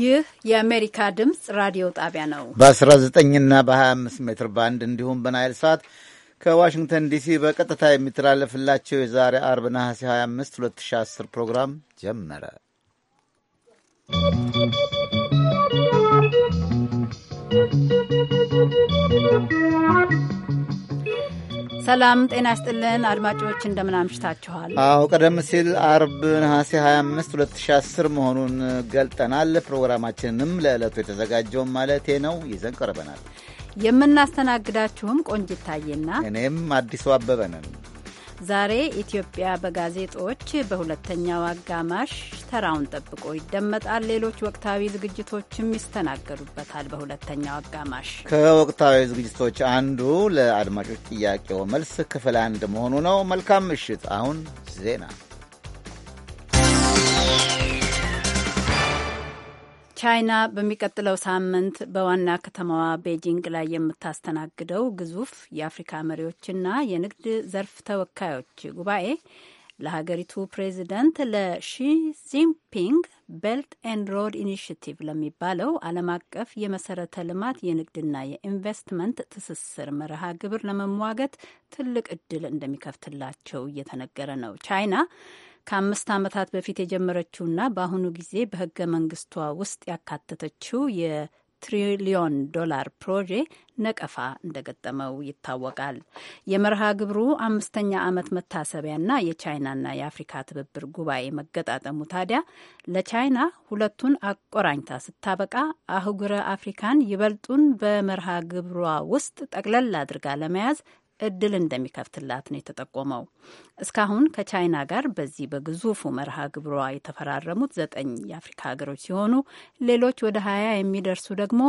ይህ የአሜሪካ ድምፅ ራዲዮ ጣቢያ ነው። በ19ና በ25 ሜትር ባንድ እንዲሁም በናይል ሰዓት ከዋሽንግተን ዲሲ በቀጥታ የሚተላለፍላቸው የዛሬ አርብ ነሐሴ 25 2010 ፕሮግራም ጀመረ። ¶¶ ሰላም ጤና ይስጥልን አድማጮች፣ እንደምን አምሽታችኋል? አዎ ቀደም ሲል አርብ ነሐሴ 25 2010 መሆኑን ገልጠናል። ፕሮግራማችንንም ለዕለቱ የተዘጋጀውን ማለቴ ነው ይዘን ቀርበናል። የምናስተናግዳችሁም ቆንጅታዬና እኔም አዲሱ አበበ ነን። ዛሬ ኢትዮጵያ በጋዜጦች በሁለተኛው አጋማሽ ተራውን ጠብቆ ይደመጣል። ሌሎች ወቅታዊ ዝግጅቶችም ይስተናገዱበታል። በሁለተኛው አጋማሽ ከወቅታዊ ዝግጅቶች አንዱ ለአድማጮች ጥያቄው መልስ ክፍል አንድ መሆኑ ነው። መልካም ምሽት። አሁን ዜና ቻይና በሚቀጥለው ሳምንት በዋና ከተማዋ ቤጂንግ ላይ የምታስተናግደው ግዙፍ የአፍሪካ መሪዎችና የንግድ ዘርፍ ተወካዮች ጉባኤ ለሀገሪቱ ፕሬዚደንት ለሺ ጂንፒንግ ቤልት ኤንድ ሮድ ኢኒሽቲቭ ለሚባለው ዓለም አቀፍ የመሰረተ ልማት የንግድና የኢንቨስትመንት ትስስር መርሃ ግብር ለመሟገት ትልቅ እድል እንደሚከፍትላቸው እየተነገረ ነው። ቻይና ከአምስት ዓመታት በፊት የጀመረችውና በአሁኑ ጊዜ በህገ መንግስቷ ውስጥ ያካተተችው የትሪሊዮን ዶላር ፕሮጄ ነቀፋ እንደገጠመው ይታወቃል። የመርሃ ግብሩ አምስተኛ ዓመት መታሰቢያና የቻይናና የአፍሪካ ትብብር ጉባኤ መገጣጠሙ ታዲያ ለቻይና ሁለቱን አቆራኝታ ስታበቃ አህጉረ አፍሪካን ይበልጡን በመርሃ ግብሯ ውስጥ ጠቅለል አድርጋ ለመያዝ እድል እንደሚከፍትላት ነው የተጠቆመው። እስካሁን ከቻይና ጋር በዚህ በግዙፉ መርሃ ግብሯ የተፈራረሙት ዘጠኝ የአፍሪካ ሀገሮች ሲሆኑ ሌሎች ወደ ሀያ የሚደርሱ ደግሞ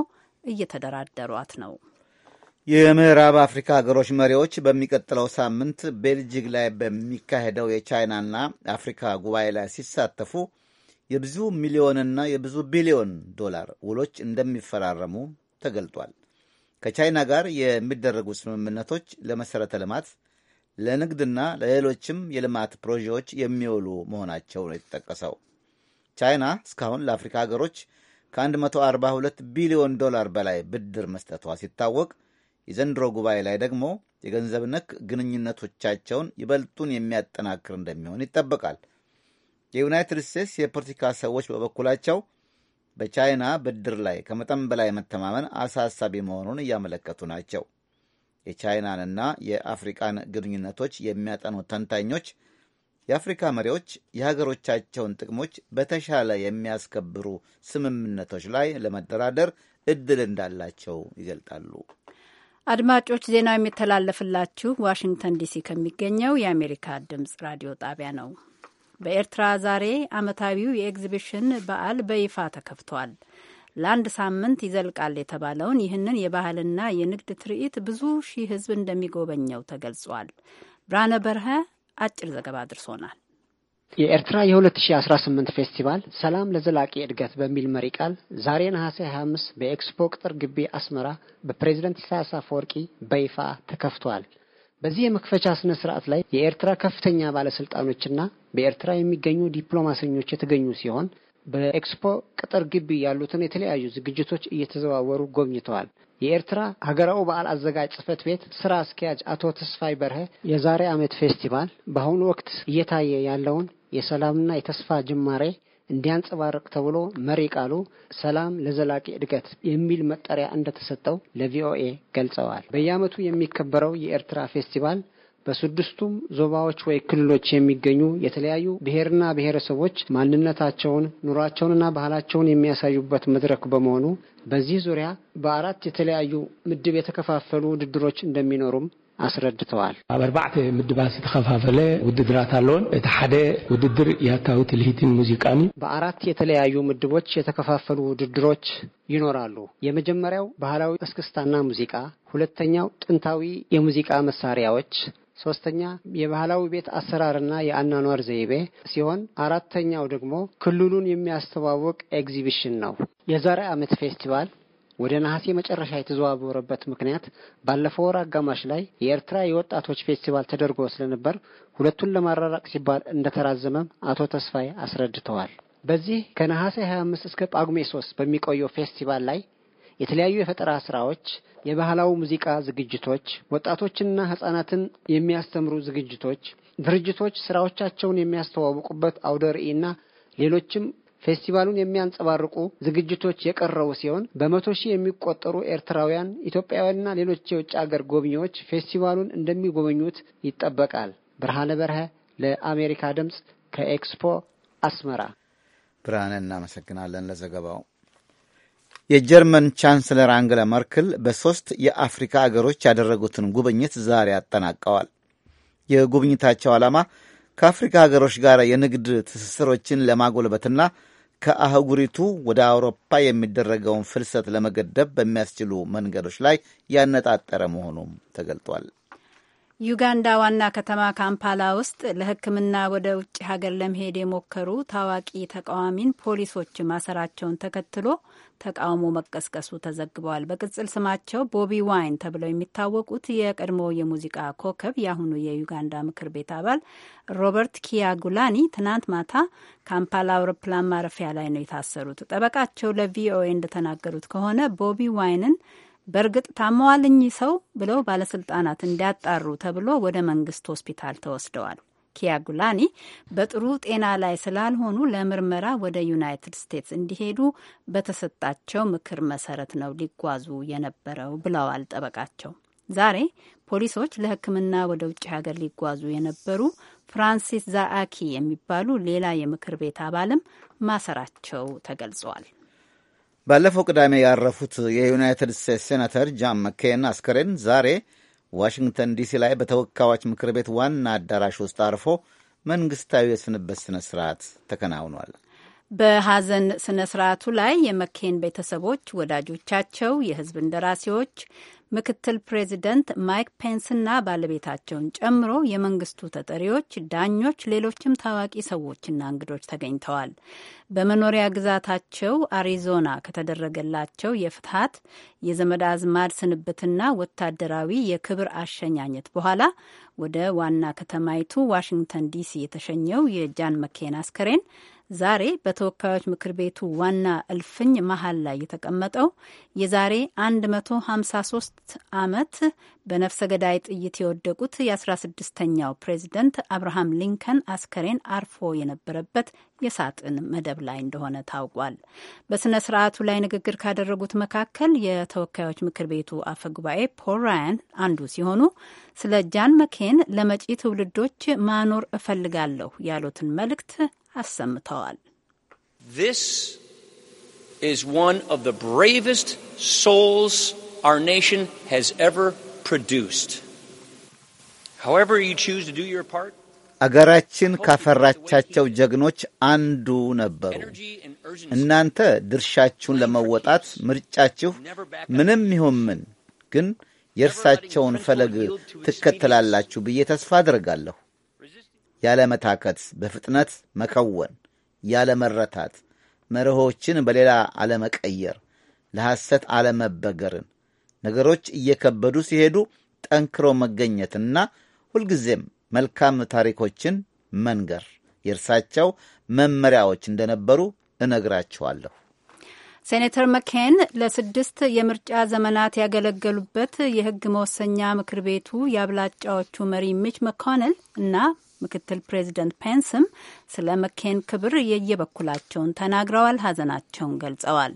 እየተደራደሯት ነው። የምዕራብ አፍሪካ ሀገሮች መሪዎች በሚቀጥለው ሳምንት ቤልጂክ ላይ በሚካሄደው የቻይናና አፍሪካ ጉባኤ ላይ ሲሳተፉ የብዙ ሚሊዮንና የብዙ ቢሊዮን ዶላር ውሎች እንደሚፈራረሙ ተገልጧል። ከቻይና ጋር የሚደረጉ ስምምነቶች ለመሠረተ ልማት፣ ለንግድና ለሌሎችም የልማት ፕሮጀክቶች የሚውሉ መሆናቸው ነው የተጠቀሰው። ቻይና እስካሁን ለአፍሪካ ሀገሮች ከ142 ቢሊዮን ዶላር በላይ ብድር መስጠቷ ሲታወቅ የዘንድሮ ጉባኤ ላይ ደግሞ የገንዘብ ነክ ግንኙነቶቻቸውን ይበልጡን የሚያጠናክር እንደሚሆን ይጠበቃል። የዩናይትድ ስቴትስ የፖለቲካ ሰዎች በበኩላቸው በቻይና ብድር ላይ ከመጠን በላይ መተማመን አሳሳቢ መሆኑን እያመለከቱ ናቸው። የቻይናንና የአፍሪቃን ግንኙነቶች የሚያጠኑ ተንታኞች የአፍሪካ መሪዎች የሀገሮቻቸውን ጥቅሞች በተሻለ የሚያስከብሩ ስምምነቶች ላይ ለመደራደር እድል እንዳላቸው ይገልጣሉ። አድማጮች፣ ዜናው የሚተላለፍላችሁ ዋሽንግተን ዲሲ ከሚገኘው የአሜሪካ ድምጽ ራዲዮ ጣቢያ ነው። በኤርትራ ዛሬ ዓመታዊው የኤግዚቢሽን በዓል በይፋ ተከፍቷል። ለአንድ ሳምንት ይዘልቃል የተባለውን ይህንን የባህልና የንግድ ትርኢት ብዙ ሺህ ሕዝብ እንደሚጎበኘው ተገልጿል። ብርሃነ በርሀ አጭር ዘገባ አድርሶናል። የኤርትራ የ2018 ፌስቲቫል ሰላም ለዘላቂ እድገት በሚል መሪ ቃል ዛሬ ነሐሴ 25 በኤክስፖ ቅጥር ግቢ አስመራ በፕሬዚደንት ኢሳያስ አፈወርቂ በይፋ ተከፍቷል። በዚህ የመክፈቻ ስነ ስርዓት ላይ የኤርትራ ከፍተኛ ባለስልጣኖችና በኤርትራ የሚገኙ ዲፕሎማሰኞች የተገኙ ሲሆን በኤክስፖ ቅጥር ግቢ ያሉትን የተለያዩ ዝግጅቶች እየተዘዋወሩ ጎብኝተዋል። የኤርትራ ሀገራዊ በዓል አዘጋጅ ጽህፈት ቤት ስራ አስኪያጅ አቶ ተስፋይ በርሀ የዛሬ ዓመት ፌስቲቫል በአሁኑ ወቅት እየታየ ያለውን የሰላምና የተስፋ ጅማሬ እንዲያንጸባርቅ ተብሎ መሪ ቃሉ ሰላም ለዘላቂ እድገት የሚል መጠሪያ እንደተሰጠው ለቪኦኤ ገልጸዋል። በየዓመቱ የሚከበረው የኤርትራ ፌስቲቫል በስድስቱም ዞባዎች ወይ ክልሎች የሚገኙ የተለያዩ ብሔርና ብሔረሰቦች ማንነታቸውን ኑሯቸውንና ባህላቸውን የሚያሳዩበት መድረክ በመሆኑ በዚህ ዙሪያ በአራት የተለያዩ ምድብ የተከፋፈሉ ውድድሮች እንደሚኖሩም አስረድተዋል። ኣብ ኣርባዕተ ምድባት ዝተኸፋፈለ ውድድራት ኣለዎን እቲ ሓደ ውድድር ያታዊ ትልሂትን ሙዚቃን እዩ። በአራት የተለያዩ ምድቦች የተከፋፈሉ ውድድሮች ይኖራሉ። የመጀመሪያው ባህላዊ እስክስታና ሙዚቃ፣ ሁለተኛው ጥንታዊ የሙዚቃ መሳሪያዎች ሶስተኛ የባህላዊ ቤት አሰራርና የአኗኗር ዘይቤ ሲሆን አራተኛው ደግሞ ክልሉን የሚያስተዋውቅ ኤግዚቢሽን ነው። የዛሬ ዓመት ፌስቲቫል ወደ ነሐሴ መጨረሻ የተዘዋወረበት ምክንያት ባለፈው ወር አጋማሽ ላይ የኤርትራ የወጣቶች ፌስቲቫል ተደርጎ ስለነበር ሁለቱን ለማራራቅ ሲባል እንደተራዘመም አቶ ተስፋዬ አስረድተዋል። በዚህ ከነሐሴ 25 እስከ ጳጉሜ 3 በሚቆየው ፌስቲቫል ላይ የተለያዩ የፈጠራ ስራዎች፣ የባህላዊ ሙዚቃ ዝግጅቶች፣ ወጣቶችንና ህጻናትን የሚያስተምሩ ዝግጅቶች፣ ድርጅቶች ስራዎቻቸውን የሚያስተዋውቁበት አውደ ርዕይና ሌሎችም ፌስቲቫሉን የሚያንጸባርቁ ዝግጅቶች የቀረቡ ሲሆን በመቶ ሺህ የሚቆጠሩ ኤርትራውያን፣ ኢትዮጵያውያንና ሌሎች የውጭ አገር ጎብኚዎች ፌስቲቫሉን እንደሚጎበኙት ይጠበቃል። ብርሃነ በርሀ ለአሜሪካ ድምፅ ከኤክስፖ አስመራ። ብርሃነ እናመሰግናለን ለዘገባው። የጀርመን ቻንስለር አንግላ መርክል በሦስት የአፍሪካ አገሮች ያደረጉትን ጉብኝት ዛሬ አጠናቀዋል። የጉብኝታቸው ዓላማ ከአፍሪካ ሀገሮች ጋር የንግድ ትስስሮችን ለማጎልበትና ከአህጉሪቱ ወደ አውሮፓ የሚደረገውን ፍልሰት ለመገደብ በሚያስችሉ መንገዶች ላይ ያነጣጠረ መሆኑም ተገልጧል። ዩጋንዳ ዋና ከተማ ካምፓላ ውስጥ ለሕክምና ወደ ውጭ ሀገር ለመሄድ የሞከሩ ታዋቂ ተቃዋሚን ፖሊሶች ማሰራቸውን ተከትሎ ተቃውሞ መቀስቀሱ ተዘግበዋል። በቅጽል ስማቸው ቦቢ ዋይን ተብለው የሚታወቁት የቀድሞ የሙዚቃ ኮከብ የአሁኑ የዩጋንዳ ምክር ቤት አባል ሮበርት ኪያጉላኒ ትናንት ማታ ካምፓላ አውሮፕላን ማረፊያ ላይ ነው የታሰሩት። ጠበቃቸው ለቪኦኤ እንደተናገሩት ከሆነ ቦቢ ዋይንን በእርግጥ ታመዋልኝ ሰው ብለው ባለስልጣናት እንዲያጣሩ ተብሎ ወደ መንግስት ሆስፒታል ተወስደዋል። ኪያጉላኒ በጥሩ ጤና ላይ ስላልሆኑ ለምርመራ ወደ ዩናይትድ ስቴትስ እንዲሄዱ በተሰጣቸው ምክር መሰረት ነው ሊጓዙ የነበረው ብለዋል ጠበቃቸው። ዛሬ ፖሊሶች ለሕክምና ወደ ውጭ ሀገር ሊጓዙ የነበሩ ፍራንሲስ ዛአኪ የሚባሉ ሌላ የምክር ቤት አባልም ማሰራቸው ተገልጿል። ባለፈው ቅዳሜ ያረፉት የዩናይትድ ስቴትስ ሴናተር ጃን መኬን አስከሬን ዛሬ ዋሽንግተን ዲሲ ላይ በተወካዮች ምክር ቤት ዋና አዳራሽ ውስጥ አርፎ መንግስታዊ የስንበት ስነ ስርዓት ተከናውኗል። በሐዘን ስነ ስርዓቱ ላይ የመኬን ቤተሰቦች፣ ወዳጆቻቸው፣ የህዝብ እንደራሴዎች ምክትል ፕሬዚደንት ማይክ ፔንስና ባለቤታቸውን ጨምሮ የመንግስቱ ተጠሪዎች፣ ዳኞች፣ ሌሎችም ታዋቂ ሰዎችና እንግዶች ተገኝተዋል። በመኖሪያ ግዛታቸው አሪዞና ከተደረገላቸው የፍትሀት የዘመድ አዝማድ ስንብትና ወታደራዊ የክብር አሸኛኘት በኋላ ወደ ዋና ከተማይቱ ዋሽንግተን ዲሲ የተሸኘው የጃን መኬን አስከሬን ዛሬ በተወካዮች ምክር ቤቱ ዋና እልፍኝ መሀል ላይ የተቀመጠው የዛሬ 153 ሶስት ዓመት በነፍሰ ገዳይ ጥይት የወደቁት የ ስድስተኛው ፕሬዚደንት አብርሃም ሊንከን አስከሬን አርፎ የነበረበት የሳጥን መደብ ላይ እንደሆነ ታውቋል። በሥነ ስርዓቱ ላይ ንግግር ካደረጉት መካከል የተወካዮች ምክር ቤቱ አፈ ጉባኤ ፖል ራያን አንዱ ሲሆኑ ስለ ጃን መኬን ለመጪ ትውልዶች ማኖር እፈልጋለሁ ያሉትን መልእክት አሰምተዋል። This is one of the bravest souls our nation has ever produced. However you choose to do your part, አገራችን ካፈራቻቸው ጀግኖች አንዱ ነበሩ። እናንተ ድርሻችሁን ለመወጣት ምርጫችሁ ምንም ይሁን ምን ግን የእርሳቸውን ፈለግ ትከተላላችሁ ብዬ ተስፋ አድርጋለሁ። ያለመታከት በፍጥነት መከወን፣ ያለመረታት መርሆችን በሌላ አለመቀየር፣ ለሐሰት አለመበገርን ነገሮች እየከበዱ ሲሄዱ ጠንክሮ መገኘትና ሁልጊዜም መልካም ታሪኮችን መንገር የእርሳቸው መመሪያዎች እንደነበሩ እነግራችኋለሁ። ሴኔተር መኬን ለስድስት የምርጫ ዘመናት ያገለገሉበት የህግ መወሰኛ ምክር ቤቱ የአብላጫዎቹ መሪ ሚች መኮንል እና ምክትል ፕሬዚደንት ፔንስም ስለ መኬን ክብር የየበኩላቸውን ተናግረዋል፣ ሀዘናቸውን ገልጸዋል።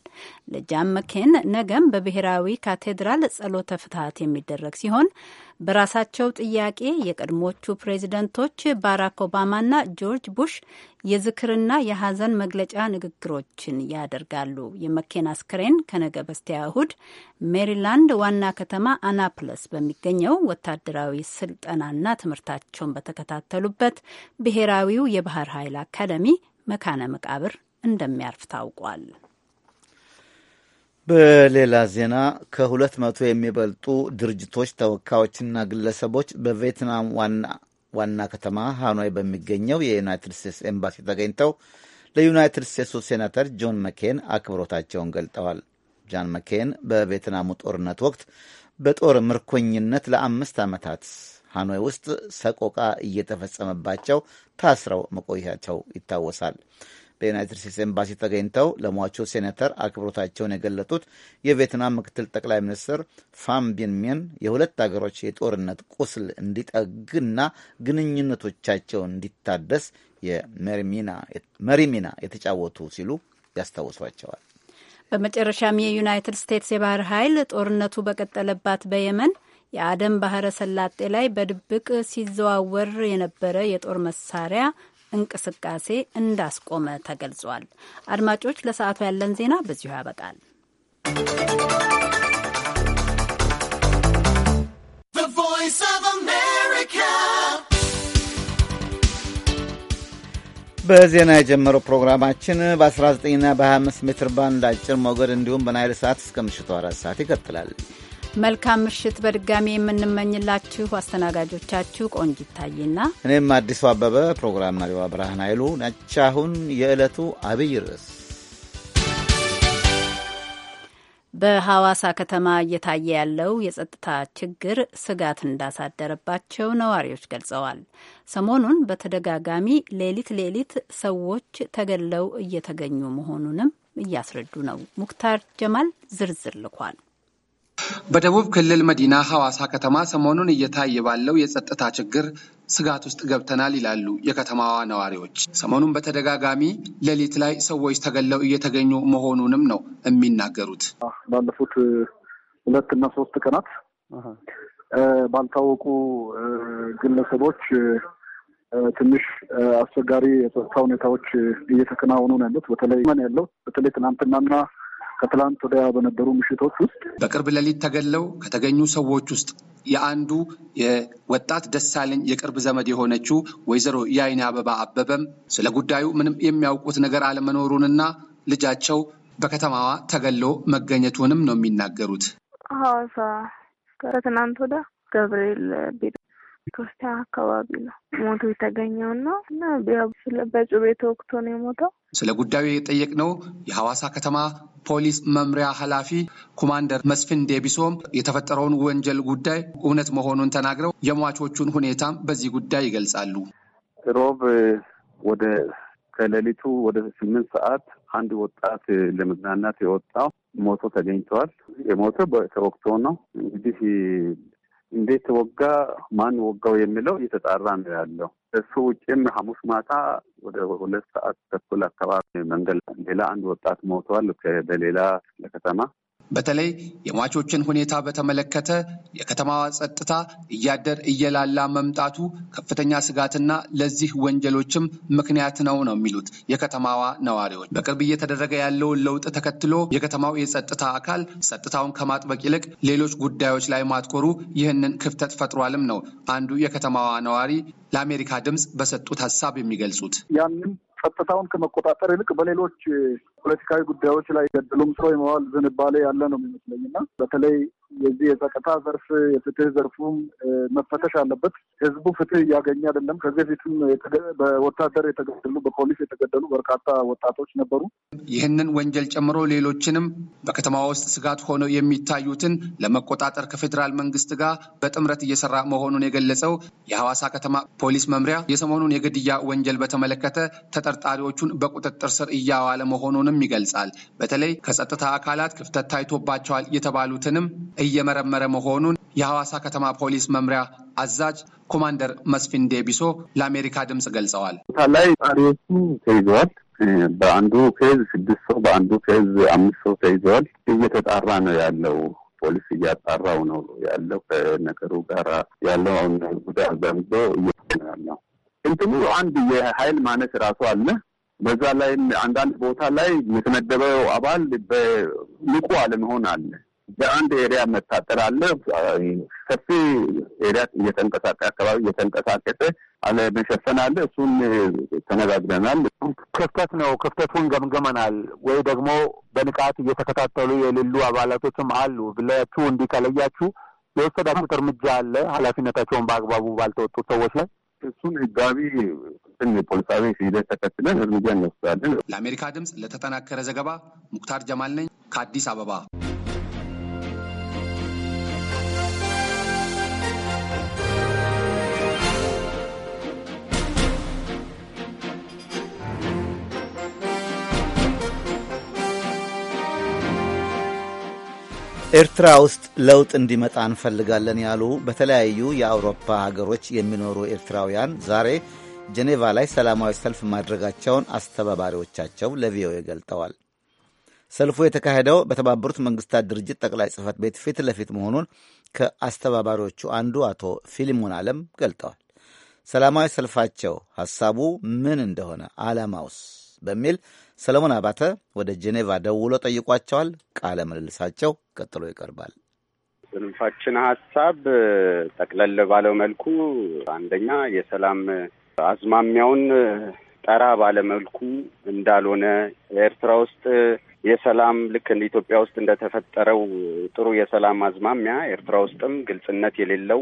ለጃን መኬን ነገም በብሔራዊ ካቴድራል ጸሎተ ፍትሐት የሚደረግ ሲሆን በራሳቸው ጥያቄ የቀድሞቹ ፕሬዚደንቶች ባራክ ኦባማና ጆርጅ ቡሽ የዝክርና የሐዘን መግለጫ ንግግሮችን ያደርጋሉ። የመኬን አስክሬን ከነገ በስቲያ እሁድ ሜሪላንድ ዋና ከተማ አናፕለስ በሚገኘው ወታደራዊ ስልጠናና ትምህርታቸውን በተከታተሉበት ብሔራዊው የባህር ኃይል አካደሚ መካነ መቃብር እንደሚያርፍ ታውቋል። በሌላ ዜና ከሁለት መቶ የሚበልጡ ድርጅቶች ተወካዮችና ግለሰቦች በቪየትናም ዋና ከተማ ሃኖይ በሚገኘው የዩናይትድ ስቴትስ ኤምባሲ ተገኝተው ለዩናይትድ ስቴትሱ ሴናተር ጆን መኬን አክብሮታቸውን ገልጠዋል። ጃን መኬን በቪየትናሙ ጦርነት ወቅት በጦር ምርኮኝነት ለአምስት ዓመታት ሃኖይ ውስጥ ሰቆቃ እየተፈጸመባቸው ታስረው መቆያቸው ይታወሳል። በዩናይትድ ስቴትስ ኤምባሲ ተገኝተው ለሟቹ ሴኔተር አክብሮታቸውን የገለጡት የቪየትናም ምክትል ጠቅላይ ሚኒስትር ፋም ቢንሚን የሁለት አገሮች የጦርነት ቁስል እንዲጠግና ግንኙነቶቻቸው እንዲታደስ የመሪሚና ሚና የተጫወቱ ሲሉ ያስታውሷቸዋል። በመጨረሻም የዩናይትድ ስቴትስ የባህር ኃይል ጦርነቱ በቀጠለባት በየመን የአደን ባህረ ሰላጤ ላይ በድብቅ ሲዘዋወር የነበረ የጦር መሳሪያ እንቅስቃሴ እንዳስቆመ ተገልጿል። አድማጮች፣ ለሰዓቱ ያለን ዜና በዚሁ ያበቃል። በዜና የጀመረው ፕሮግራማችን በ19ና በ25 ሜትር ባንድ አጭር ሞገድ እንዲሁም በናይል ሰዓት እስከ ምሽቱ አራት ሰዓት ይቀጥላል። መልካም ምሽት በድጋሚ የምንመኝላችሁ አስተናጋጆቻችሁ ቆንጅ ይታይና እኔም አዲሱ አበበ፣ ፕሮግራም መሪዋ ብርሃን ኃይሉ ነች። አሁን የዕለቱ አብይ ርዕስ በሐዋሳ ከተማ እየታየ ያለው የጸጥታ ችግር ስጋት እንዳሳደረባቸው ነዋሪዎች ገልጸዋል። ሰሞኑን በተደጋጋሚ ሌሊት ሌሊት ሰዎች ተገለው እየተገኙ መሆኑንም እያስረዱ ነው። ሙክታር ጀማል ዝርዝር ልኳል። በደቡብ ክልል መዲና ሐዋሳ ከተማ ሰሞኑን እየታየ ባለው የጸጥታ ችግር ስጋት ውስጥ ገብተናል ይላሉ የከተማዋ ነዋሪዎች። ሰሞኑን በተደጋጋሚ ሌሊት ላይ ሰዎች ተገለው እየተገኙ መሆኑንም ነው የሚናገሩት። ባለፉት ሁለት እና ሶስት ቀናት ባልታወቁ ግለሰቦች ትንሽ አስቸጋሪ የጸጥታ ሁኔታዎች እየተከናወኑ ነው ያሉት። በተለይ ያለው በተለይ ትናንትናና ከትላንት ወዲያ በነበሩ ምሽቶች ውስጥ በቅርብ ሌሊት ተገለው ከተገኙ ሰዎች ውስጥ የአንዱ የወጣት ደሳለኝ የቅርብ ዘመድ የሆነችው ወይዘሮ የአይኔ አበባ አበበም ስለ ጉዳዩ ምንም የሚያውቁት ነገር አለመኖሩንና ልጃቸው በከተማዋ ተገሎ መገኘቱንም ነው የሚናገሩት። ሐዋሳ ከትናንት ወዲያ ገብርኤል ቤት ኮስታ አካባቢ ነው ሞቶ የተገኘው እና በጩቤ ተወግቶ ነው የሞተው። ስለ ጉዳዩ የጠየቅነው የሐዋሳ ከተማ ፖሊስ መምሪያ ኃላፊ ኮማንደር መስፍን ዴቢሶም የተፈጠረውን ወንጀል ጉዳይ እውነት መሆኑን ተናግረው የሟቾቹን ሁኔታም በዚህ ጉዳይ ይገልጻሉ። ሮብ ወደ ከሌሊቱ ወደ ስምንት ሰዓት አንድ ወጣት ለመዝናናት የወጣው ሞቶ ተገኝተዋል። የሞተው ተወቅቶ ነው እንግዲህ እንዴት ወጋ፣ ማን ወጋው የሚለው እየተጣራ ነው ያለው። እሱ ውጭም ሐሙስ ማታ ወደ ሁለት ሰዓት ተኩል አካባቢ መንገድ ሌላ አንድ ወጣት ሞቷል። በሌላ ለከተማ በተለይ የሟቾችን ሁኔታ በተመለከተ የከተማዋ ጸጥታ እያደር እየላላ መምጣቱ ከፍተኛ ስጋትና ለዚህ ወንጀሎችም ምክንያት ነው ነው የሚሉት የከተማዋ ነዋሪዎች። በቅርብ እየተደረገ ያለውን ለውጥ ተከትሎ የከተማው የጸጥታ አካል ጸጥታውን ከማጥበቅ ይልቅ ሌሎች ጉዳዮች ላይ ማትኮሩ ይህንን ክፍተት ፈጥሯልም ነው አንዱ የከተማዋ ነዋሪ ለአሜሪካ ድምፅ በሰጡት ሀሳብ የሚገልጹት። ጸጥታውን ከመቆጣጠር ይልቅ በሌሎች ፖለቲካዊ ጉዳዮች ላይ ገድሎም ስሮ የመዋል ዝንባሌ ያለ ነው የሚመስለኝ እና በተለይ የዚህ የጸጥታ ዘርፍ የፍትህ ዘርፉም መፈተሽ አለበት። ህዝቡ ፍትህ እያገኘ አይደለም። ከዚህ በፊትም በወታደር የተገደሉ በፖሊስ የተገደሉ በርካታ ወጣቶች ነበሩ። ይህንን ወንጀል ጨምሮ ሌሎችንም በከተማ ውስጥ ስጋት ሆነው የሚታዩትን ለመቆጣጠር ከፌዴራል መንግስት ጋር በጥምረት እየሰራ መሆኑን የገለጸው የሐዋሳ ከተማ ፖሊስ መምሪያ የሰሞኑን የግድያ ወንጀል በተመለከተ ተጠርጣሪዎቹን በቁጥጥር ስር እያዋለ መሆኑንም ይገልጻል። በተለይ ከጸጥታ አካላት ክፍተት ታይቶባቸዋል የተባሉትንም እየመረመረ መሆኑን የሐዋሳ ከተማ ፖሊስ መምሪያ አዛዥ ኮማንደር መስፍን ዴቢሶ ለአሜሪካ ድምፅ ገልጸዋል። ላይ ጣሪዎቹ ተይዘዋል። በአንዱ ኬዝ ስድስት ሰው በአንዱ ኬዝ አምስት ሰው ተይዘዋል። እየተጣራ ነው ያለው። ፖሊስ እያጣራው ነው ያለው። ከነገሩ ጋራ ያለው አሁን ጉዳይ ዘንዞ እያለው እንትኑ አንድ የኃይል ማነስ ራሱ አለ። በዛ ላይ አንዳንድ ቦታ ላይ የተመደበው አባል በንቁ አለመሆን አለ። በአንድ ኤሪያ መታጠር አለ። ሰፊ ኤሪያ እየተንቀሳቀ አካባቢ እየተንቀሳቀሰ አለመሸፈን አለ። እሱን ተነጋግረናል። ክፍተት ነው፣ ክፍተቱን ገምገመናል። ወይ ደግሞ በንቃት እየተከታተሉ የሌሉ አባላቶችም አሉ ብላችሁ እንዲህ ከለያችሁ የወሰዳችሁት እርምጃ አለ ኃላፊነታቸውን በአግባቡ ባልተወጡት ሰዎች ላይ እሱን ህጋዊ ፖሊሳዊ ሂደት ተከትለን እርምጃ እንወስዳለን። ለአሜሪካ ድምፅ ለተጠናከረ ዘገባ ሙክታር ጀማል ነኝ ከአዲስ አበባ። ኤርትራ ውስጥ ለውጥ እንዲመጣ እንፈልጋለን ያሉ በተለያዩ የአውሮፓ ሀገሮች የሚኖሩ ኤርትራውያን ዛሬ ጄኔቫ ላይ ሰላማዊ ሰልፍ ማድረጋቸውን አስተባባሪዎቻቸው ለቪኦኤ ገልጠዋል። ሰልፉ የተካሄደው በተባበሩት መንግስታት ድርጅት ጠቅላይ ጽህፈት ቤት ፊት ለፊት መሆኑን ከአስተባባሪዎቹ አንዱ አቶ ፊሊሞን ዓለም ገልጠዋል። ሰላማዊ ሰልፋቸው ሐሳቡ ምን እንደሆነ ዓላማውስ በሚል ሰለሞን አባተ ወደ ጄኔቫ ደውሎ ጠይቋቸዋል። ቃለ ምልልሳቸው ቀጥሎ ይቀርባል። ጽንፋችን ሀሳብ ጠቅለል ባለው መልኩ አንደኛ የሰላም አዝማሚያውን ጠራ ባለመልኩ እንዳልሆነ ኤርትራ ውስጥ የሰላም ልክ እንደ ኢትዮጵያ ውስጥ እንደተፈጠረው ጥሩ የሰላም አዝማሚያ ኤርትራ ውስጥም ግልጽነት የሌለው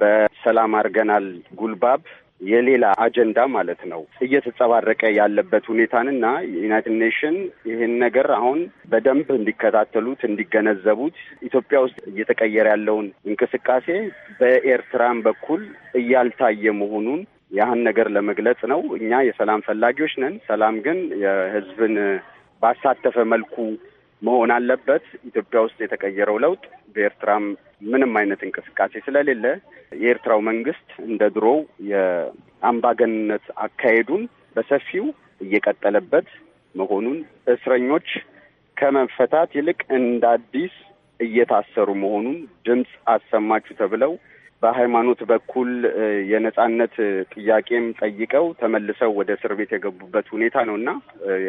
በሰላም አድርገናል ጉልባብ የሌላ አጀንዳ ማለት ነው እየተንጸባረቀ ያለበት ሁኔታንና ዩናይትድ ኔሽን ይህን ነገር አሁን በደንብ እንዲከታተሉት እንዲገነዘቡት ኢትዮጵያ ውስጥ እየተቀየረ ያለውን እንቅስቃሴ በኤርትራም በኩል እያልታየ መሆኑን ያህን ነገር ለመግለጽ ነው። እኛ የሰላም ፈላጊዎች ነን። ሰላም ግን የህዝብን ባሳተፈ መልኩ መሆን አለበት። ኢትዮጵያ ውስጥ የተቀየረው ለውጥ በኤርትራም ምንም አይነት እንቅስቃሴ ስለሌለ የኤርትራው መንግስት እንደ ድሮው የአምባገንነት አካሄዱን በሰፊው እየቀጠለበት መሆኑን እስረኞች ከመፈታት ይልቅ እንደ አዲስ እየታሰሩ መሆኑን ድምፅ አሰማችሁ ተብለው በሃይማኖት በኩል የነጻነት ጥያቄም ጠይቀው ተመልሰው ወደ እስር ቤት የገቡበት ሁኔታ ነው እና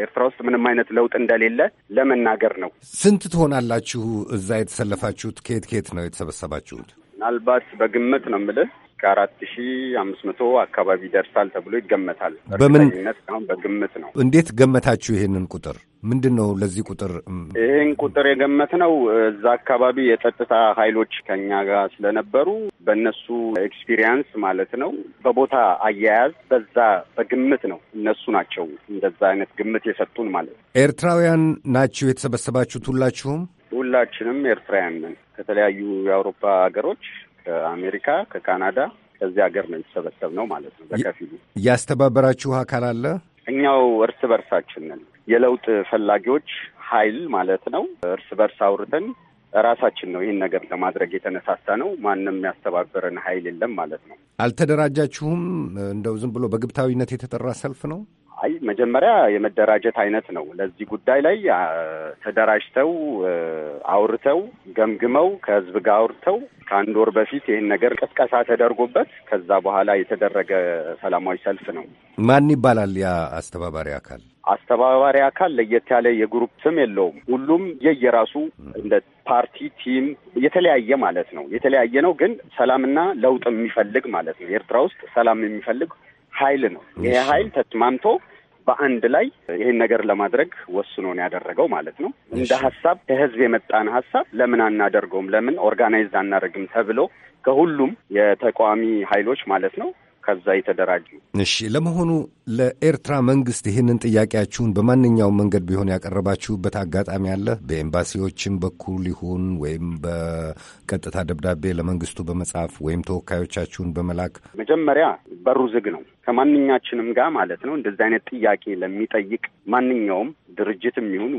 ኤርትራ ውስጥ ምንም አይነት ለውጥ እንደሌለ ለመናገር ነው። ስንት ትሆናላችሁ እዛ የተሰለፋችሁት? ከየት ከየት ነው የተሰበሰባችሁት? ምናልባት በግምት ነው የምልህ ከአራት ሺ አምስት መቶ አካባቢ ደርሳል ተብሎ ይገመታል። በምንነት አሁን በግምት ነው። እንዴት ገመታችሁ ይሄንን ቁጥር? ምንድን ነው ለዚህ ቁጥር? ይህን ቁጥር የገመት ነው እዛ አካባቢ የጸጥታ ኃይሎች ከኛ ጋር ስለነበሩ በእነሱ ኤክስፒሪየንስ ማለት ነው፣ በቦታ አያያዝ በዛ በግምት ነው። እነሱ ናቸው እንደዛ አይነት ግምት የሰጡን ማለት ነው። ኤርትራውያን ናችሁ የተሰበሰባችሁት? ሁላችሁም ሁላችንም ኤርትራውያን ነን። ከተለያዩ የአውሮፓ ሀገሮች፣ ከአሜሪካ፣ ከካናዳ ከዚህ ሀገር ነው የተሰበሰብ ነው ማለት ነው። በከፊሉ ያስተባበራችሁ አካል አለ? እኛው እርስ በርሳችን ነን የለውጥ ፈላጊዎች ኃይል ማለት ነው። እርስ በርስ አውርተን ራሳችን ነው ይህን ነገር ለማድረግ የተነሳሳ ነው። ማንም ያስተባበረን ኃይል የለም ማለት ነው። አልተደራጃችሁም? እንደው ዝም ብሎ በግብታዊነት የተጠራ ሰልፍ ነው። አይ መጀመሪያ የመደራጀት አይነት ነው። ለዚህ ጉዳይ ላይ ተደራጅተው አውርተው ገምግመው ከህዝብ ጋር አውርተው ከአንድ ወር በፊት ይህን ነገር ቅስቀሳ ተደርጎበት ከዛ በኋላ የተደረገ ሰላማዊ ሰልፍ ነው። ማን ይባላል ያ አስተባባሪ አካል? አስተባባሪ አካል ለየት ያለ የግሩፕ ስም የለውም። ሁሉም የየራሱ እንደ ፓርቲ ቲም የተለያየ ማለት ነው። የተለያየ ነው ግን ሰላምና ለውጥ የሚፈልግ ማለት ነው። ኤርትራ ውስጥ ሰላም የሚፈልግ ኃይል ነው። ይሄ ኃይል ተስማምቶ በአንድ ላይ ይህን ነገር ለማድረግ ወስኖን ያደረገው ማለት ነው። እንደ ሀሳብ ከህዝብ የመጣን ሀሳብ ለምን አናደርገውም፣ ለምን ኦርጋናይዝ አናደርግም ተብሎ ከሁሉም የተቃዋሚ ኃይሎች ማለት ነው ከዛ የተደራጁ። እሺ፣ ለመሆኑ ለኤርትራ መንግስት ይህንን ጥያቄያችሁን በማንኛውም መንገድ ቢሆን ያቀረባችሁበት አጋጣሚ አለ? በኤምባሲዎችም በኩል ይሁን ወይም በቀጥታ ደብዳቤ ለመንግስቱ በመጻፍ ወይም ተወካዮቻችሁን በመላክ? መጀመሪያ በሩ ዝግ ነው ከማንኛችንም ጋር ማለት ነው። እንደዚህ አይነት ጥያቄ ለሚጠይቅ ማንኛውም ድርጅትም ይሁን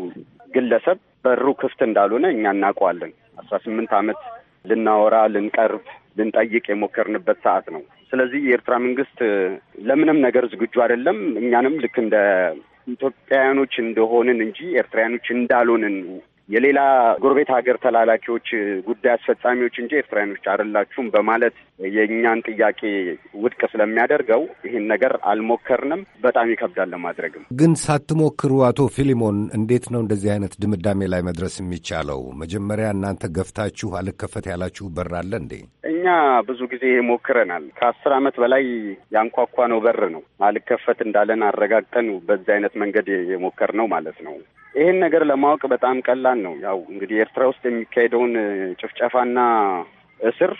ግለሰብ በሩ ክፍት እንዳልሆነ እኛ እናውቀዋለን። አስራ ስምንት ዓመት ልናወራ ልንቀርብ ልንጠይቅ የሞከርንበት ሰዓት ነው። ስለዚህ የኤርትራ መንግስት ለምንም ነገር ዝግጁ አይደለም። እኛንም ልክ እንደ ኢትዮጵያውያኖች እንደሆንን እንጂ ኤርትራውያኖች እንዳልሆንን የሌላ ጎረቤት ሀገር ተላላኪዎች ጉዳይ አስፈጻሚዎች እንጂ ኤርትራውያኖች አይደላችሁም በማለት የእኛን ጥያቄ ውድቅ ስለሚያደርገው ይህን ነገር አልሞከርንም። በጣም ይከብዳል ለማድረግም። ግን ሳትሞክሩ አቶ ፊሊሞን እንዴት ነው እንደዚህ አይነት ድምዳሜ ላይ መድረስ የሚቻለው? መጀመሪያ እናንተ ገፍታችሁ አልከፈት ያላችሁ በር አለ እንዴ? እኛ ብዙ ጊዜ ሞክረናል። ከአስር ዓመት በላይ ያንኳኳ ነው በር ነው አልከፈት እንዳለን አረጋግጠን በዚህ አይነት መንገድ የሞከር ነው ማለት ነው። ይህን ነገር ለማወቅ በጣም ቀላል ነው። ያው እንግዲህ ኤርትራ ውስጥ የሚካሄደውን ጭፍጨፋና እስር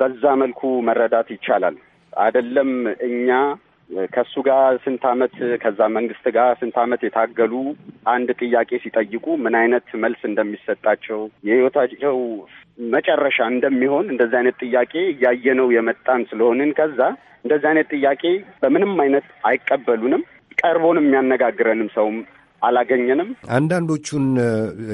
በዛ መልኩ መረዳት ይቻላል። አይደለም እኛ ከሱ ጋር ስንት አመት ከዛ መንግስት ጋር ስንት አመት የታገሉ አንድ ጥያቄ ሲጠይቁ ምን አይነት መልስ እንደሚሰጣቸው የህይወታቸው መጨረሻ እንደሚሆን እንደዚህ አይነት ጥያቄ እያየነው የመጣን ስለሆንን ከዛ እንደዚህ አይነት ጥያቄ በምንም አይነት አይቀበሉንም። ቀርቦን የሚያነጋግረንም ሰውም አላገኘንም። አንዳንዶቹን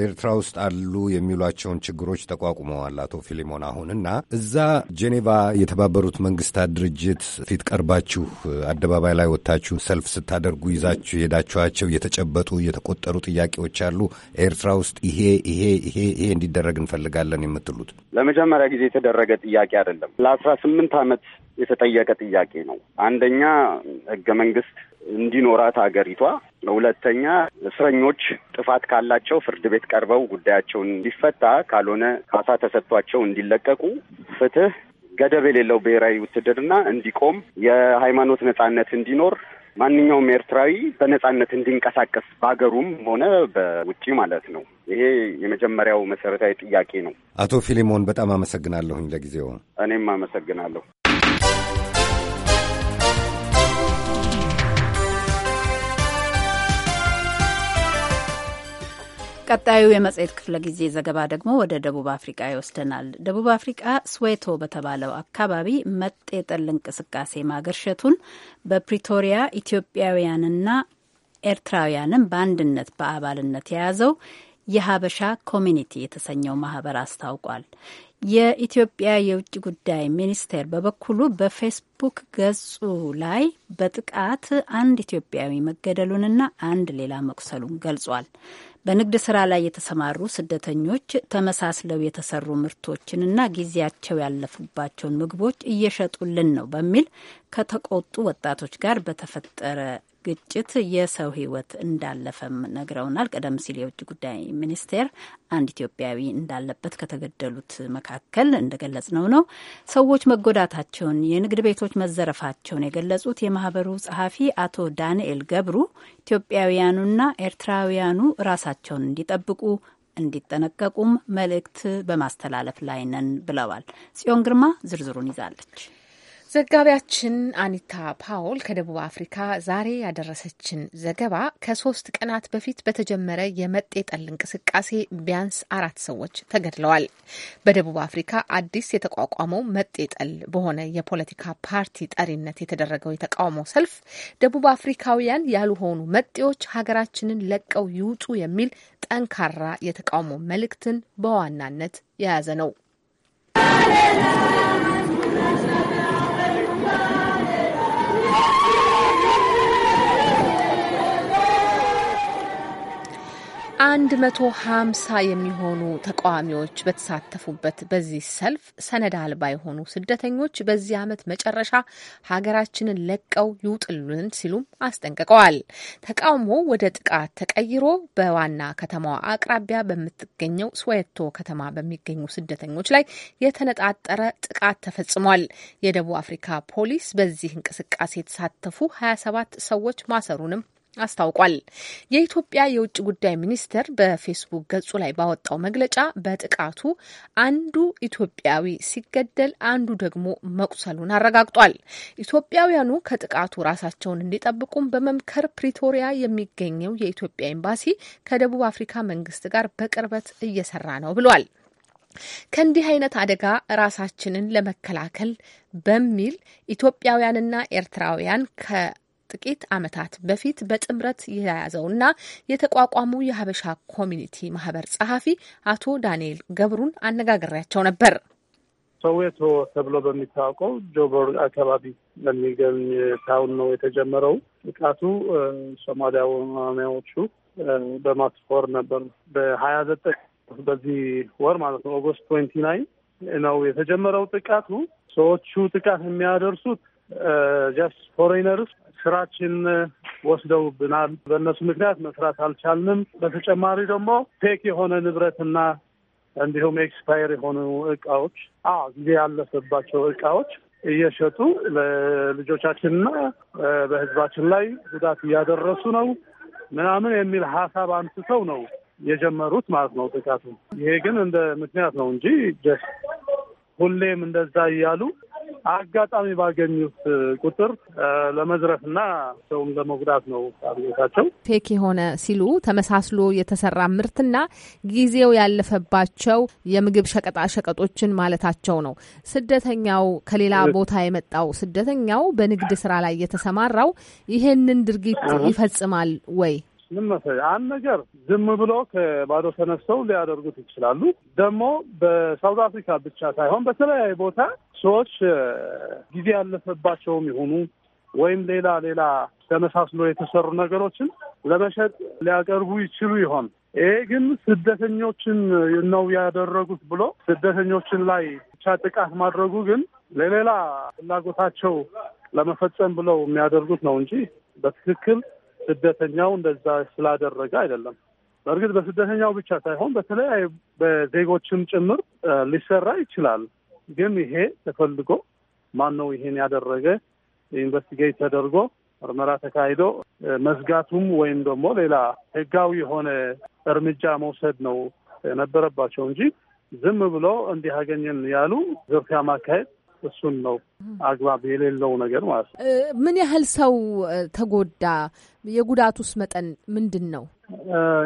ኤርትራ ውስጥ አሉ የሚሏቸውን ችግሮች ተቋቁመዋል አቶ ፊሊሞን አሁን እና እዛ ጄኔቫ የተባበሩት መንግስታት ድርጅት ፊት ቀርባችሁ አደባባይ ላይ ወጥታችሁ ሰልፍ ስታደርጉ ይዛችሁ የሄዳችኋቸው የተጨበጡ የተቆጠሩ ጥያቄዎች አሉ ኤርትራ ውስጥ ይሄ ይሄ ይሄ ይሄ እንዲደረግ እንፈልጋለን የምትሉት ለመጀመሪያ ጊዜ የተደረገ ጥያቄ አይደለም። ለአስራ ስምንት ዓመት የተጠየቀ ጥያቄ ነው። አንደኛ ህገ መንግስት እንዲኖራት ሀገሪቷ፣ ሁለተኛ እስረኞች ጥፋት ካላቸው ፍርድ ቤት ቀርበው ጉዳያቸውን እንዲፈታ ካልሆነ ካሳ ተሰጥቷቸው እንዲለቀቁ፣ ፍትህ ገደብ የሌለው ብሔራዊ ውትድርና እንዲቆም፣ የሃይማኖት ነጻነት እንዲኖር ማንኛውም ኤርትራዊ በነጻነት እንዲንቀሳቀስ በሀገሩም ሆነ በውጭ ማለት ነው። ይሄ የመጀመሪያው መሰረታዊ ጥያቄ ነው። አቶ ፊሊሞን በጣም አመሰግናለሁኝ ለጊዜው። እኔም አመሰግናለሁ። ቀጣዩ የመጽሔት ክፍለ ጊዜ ዘገባ ደግሞ ወደ ደቡብ አፍሪቃ ይወስደናል። ደቡብ አፍሪቃ ስዌቶ በተባለው አካባቢ መጤ ጠል እንቅስቃሴ ማገርሸቱን በፕሪቶሪያ ኢትዮጵያውያንና ኤርትራውያንን በአንድነት በአባልነት የያዘው የሀበሻ ኮሚኒቲ የተሰኘው ማህበር አስታውቋል። የኢትዮጵያ የውጭ ጉዳይ ሚኒስቴር በበኩሉ በፌስቡክ ገጹ ላይ በጥቃት አንድ ኢትዮጵያዊ መገደሉንና አንድ ሌላ መቁሰሉን ገልጿል። በንግድ ስራ ላይ የተሰማሩ ስደተኞች ተመሳስለው የተሰሩ ምርቶችንና ጊዜያቸው ያለፉባቸውን ምግቦች እየሸጡልን ነው በሚል ከተቆጡ ወጣቶች ጋር በተፈጠረ ግጭት የሰው ሕይወት እንዳለፈም ነግረውናል። ቀደም ሲል የውጭ ጉዳይ ሚኒስቴር አንድ ኢትዮጵያዊ እንዳለበት ከተገደሉት መካከል እንደገለጽ ነው ነው ሰዎች መጎዳታቸውን፣ የንግድ ቤቶች መዘረፋቸውን የገለጹት የማህበሩ ጸሐፊ አቶ ዳንኤል ገብሩ ኢትዮጵያውያኑና ኤርትራውያኑ ራሳቸውን እንዲጠብቁ እንዲጠነቀቁም መልእክት በማስተላለፍ ላይ ነን ብለዋል። ጽዮን ግርማ ዝርዝሩን ይዛለች። ዘጋቢያችን አኒታ ፓውል ከደቡብ አፍሪካ ዛሬ ያደረሰችን ዘገባ ከሶስት ቀናት በፊት በተጀመረ የመጤጠል እንቅስቃሴ ቢያንስ አራት ሰዎች ተገድለዋል። በደቡብ አፍሪካ አዲስ የተቋቋመው መጤጠል በሆነ የፖለቲካ ፓርቲ ጠሪነት የተደረገው የተቃውሞ ሰልፍ ደቡብ አፍሪካውያን ያልሆኑ መጤዎች ሀገራችንን ለቀው ይውጡ የሚል ጠንካራ የተቃውሞ መልእክትን በዋናነት የያዘ ነው። አንድ መቶ ሀምሳ የሚሆኑ ተቃዋሚዎች በተሳተፉበት በዚህ ሰልፍ ሰነድ አልባ የሆኑ ስደተኞች በዚህ ዓመት መጨረሻ ሀገራችንን ለቀው ይውጥሉን ሲሉም አስጠንቅቀዋል። ተቃውሞ ወደ ጥቃት ተቀይሮ በዋና ከተማዋ አቅራቢያ በምትገኘው ስዌቶ ከተማ በሚገኙ ስደተኞች ላይ የተነጣጠረ ጥቃት ተፈጽሟል። የደቡብ አፍሪካ ፖሊስ በዚህ እንቅስቃሴ የተሳተፉ ሀያ ሰባት ሰዎች ማሰሩንም አስታውቋል። የኢትዮጵያ የውጭ ጉዳይ ሚኒስቴር በፌስቡክ ገጹ ላይ ባወጣው መግለጫ በጥቃቱ አንዱ ኢትዮጵያዊ ሲገደል አንዱ ደግሞ መቁሰሉን አረጋግጧል። ኢትዮጵያውያኑ ከጥቃቱ ራሳቸውን እንዲጠብቁም በመምከር ፕሪቶሪያ የሚገኘው የኢትዮጵያ ኤምባሲ ከደቡብ አፍሪካ መንግስት ጋር በቅርበት እየሰራ ነው ብሏል። ከእንዲህ አይነት አደጋ ራሳችንን ለመከላከል በሚል ኢትዮጵያውያንና ኤርትራውያን ከ። ከጥቂት ዓመታት በፊት በጥምረት የያዘውና የተቋቋሙ የሀበሻ ኮሚኒቲ ማህበር ጸሐፊ አቶ ዳንኤል ገብሩን አነጋግሬያቸው ነበር። ሶዌቶ ተብሎ በሚታወቀው ጆቦር አካባቢ በሚገኝ ታውን ነው የተጀመረው። ጥቃቱ ሶማሊያውያኖቹ በማስፈር ነበር። በሀያ ዘጠኝ በዚህ ወር ማለት ነው ኦገስት ትዌንቲ ናይን ነው የተጀመረው ጥቃቱ። ሰዎቹ ጥቃት የሚያደርሱት ጀስት ፎሬነርስ ስራችን ወስደውብናል። በእነሱ ምክንያት መስራት አልቻልንም። በተጨማሪ ደግሞ ፌክ የሆነ ንብረትና እንዲሁም ኤክስፓየር የሆኑ እቃዎች ጊዜ ያለፈባቸው እቃዎች እየሸጡ በልጆቻችንና በህዝባችን ላይ ጉዳት እያደረሱ ነው ምናምን የሚል ሀሳብ አንስተው ነው የጀመሩት ማለት ነው ጥቃቱ። ይሄ ግን እንደ ምክንያት ነው እንጂ ሁሌም እንደዛ እያሉ አጋጣሚ ባገኙት ቁጥር ለመዝረፍ ሰውም ለመጉዳት ነው አብዮታቸው። ፌክ የሆነ ሲሉ ተመሳስሎ የተሰራ ምርትና ጊዜው ያለፈባቸው የምግብ ሸቀጣ ሸቀጦችን ማለታቸው ነው። ስደተኛው ከሌላ ቦታ የመጣው ስደተኛው በንግድ ስራ ላይ የተሰማራው ይሄንን ድርጊት ይፈጽማል ወይ? ምን መሰለህ አንድ ነገር ዝም ብለው ከባዶ ተነስተው ሊያደርጉት ይችላሉ። ደግሞ በሳውት አፍሪካ ብቻ ሳይሆን በተለያዩ ቦታ ሰዎች ጊዜ ያለፈባቸውም የሆኑ ወይም ሌላ ሌላ ተመሳስሎ የተሰሩ ነገሮችን ለመሸጥ ሊያቀርቡ ይችሉ ይሆን። ይሄ ግን ስደተኞችን ነው ያደረጉት ብሎ ስደተኞችን ላይ ብቻ ጥቃት ማድረጉ ግን ለሌላ ፍላጎታቸው ለመፈጸም ብለው የሚያደርጉት ነው እንጂ በትክክል ስደተኛው እንደዛ ስላደረገ አይደለም። በእርግጥ በስደተኛው ብቻ ሳይሆን በተለያዩ በዜጎችም ጭምር ሊሰራ ይችላል። ግን ይሄ ተፈልጎ ማን ነው ይሄን ያደረገ ኢንቨስቲጌት ተደርጎ ምርመራ ተካሂዶ መዝጋቱም ወይም ደግሞ ሌላ ህጋዊ የሆነ እርምጃ መውሰድ ነው የነበረባቸው እንጂ ዝም ብሎ እንዲህ አገኘን ያሉ ዝርፊያ ማካሄድ እሱን ነው አግባብ የሌለው ነገር ማለት ነው። ምን ያህል ሰው ተጎዳ? የጉዳቱስ መጠን ምንድን ነው?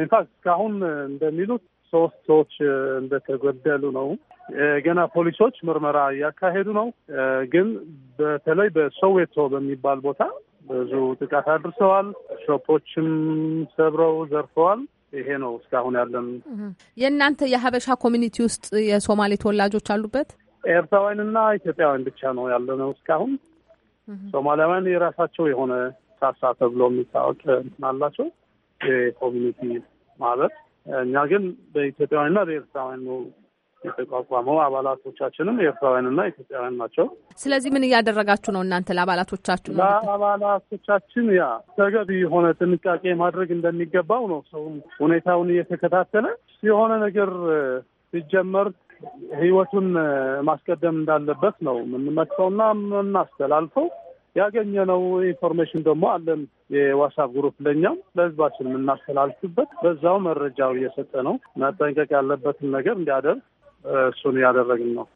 ኢንፋክት እስካሁን እንደሚሉት ሶስት ሰዎች እንደተጎደሉ ነው። ገና ፖሊሶች ምርመራ እያካሄዱ ነው። ግን በተለይ በሶዌቶ በሚባል ቦታ ብዙ ጥቃት አድርሰዋል። ሾፖችም ሰብረው ዘርፈዋል። ይሄ ነው እስካሁን ያለን። የእናንተ የሀበሻ ኮሚኒቲ ውስጥ የሶማሌ ተወላጆች አሉበት? ኤርትራውያንና ኢትዮጵያውያን ብቻ ነው ያለ ነው እስካሁን። ሶማሊያውያን የራሳቸው የሆነ ሳሳ ተብሎ የሚታወቅ አላቸው የኮሚኒቲ ማህበር። እኛ ግን በኢትዮጵያውያንና በኤርትራውያን ነው የተቋቋመው። አባላቶቻችንም ኤርትራውያንና ኢትዮጵያውያን ናቸው። ስለዚህ ምን እያደረጋችሁ ነው እናንተ ለአባላቶቻችሁ? ለአባላቶቻችን ያ ተገቢ የሆነ ጥንቃቄ ማድረግ እንደሚገባው ነው ሰው ሁኔታውን እየተከታተለ የሆነ ነገር ሲጀመር ህይወቱን ማስቀደም እንዳለበት ነው የምንመክተውና የምናስተላልፈው። ያገኘነው ኢንፎርሜሽን ደግሞ አለን የዋትሳፕ ግሩፕ ለእኛም ለህዝባችን የምናስተላልፍበት በዛው መረጃው እየሰጠ ነው። መጠንቀቅ ያለበትን ነገር እንዲያደርግ እሱን እያደረግን ነው።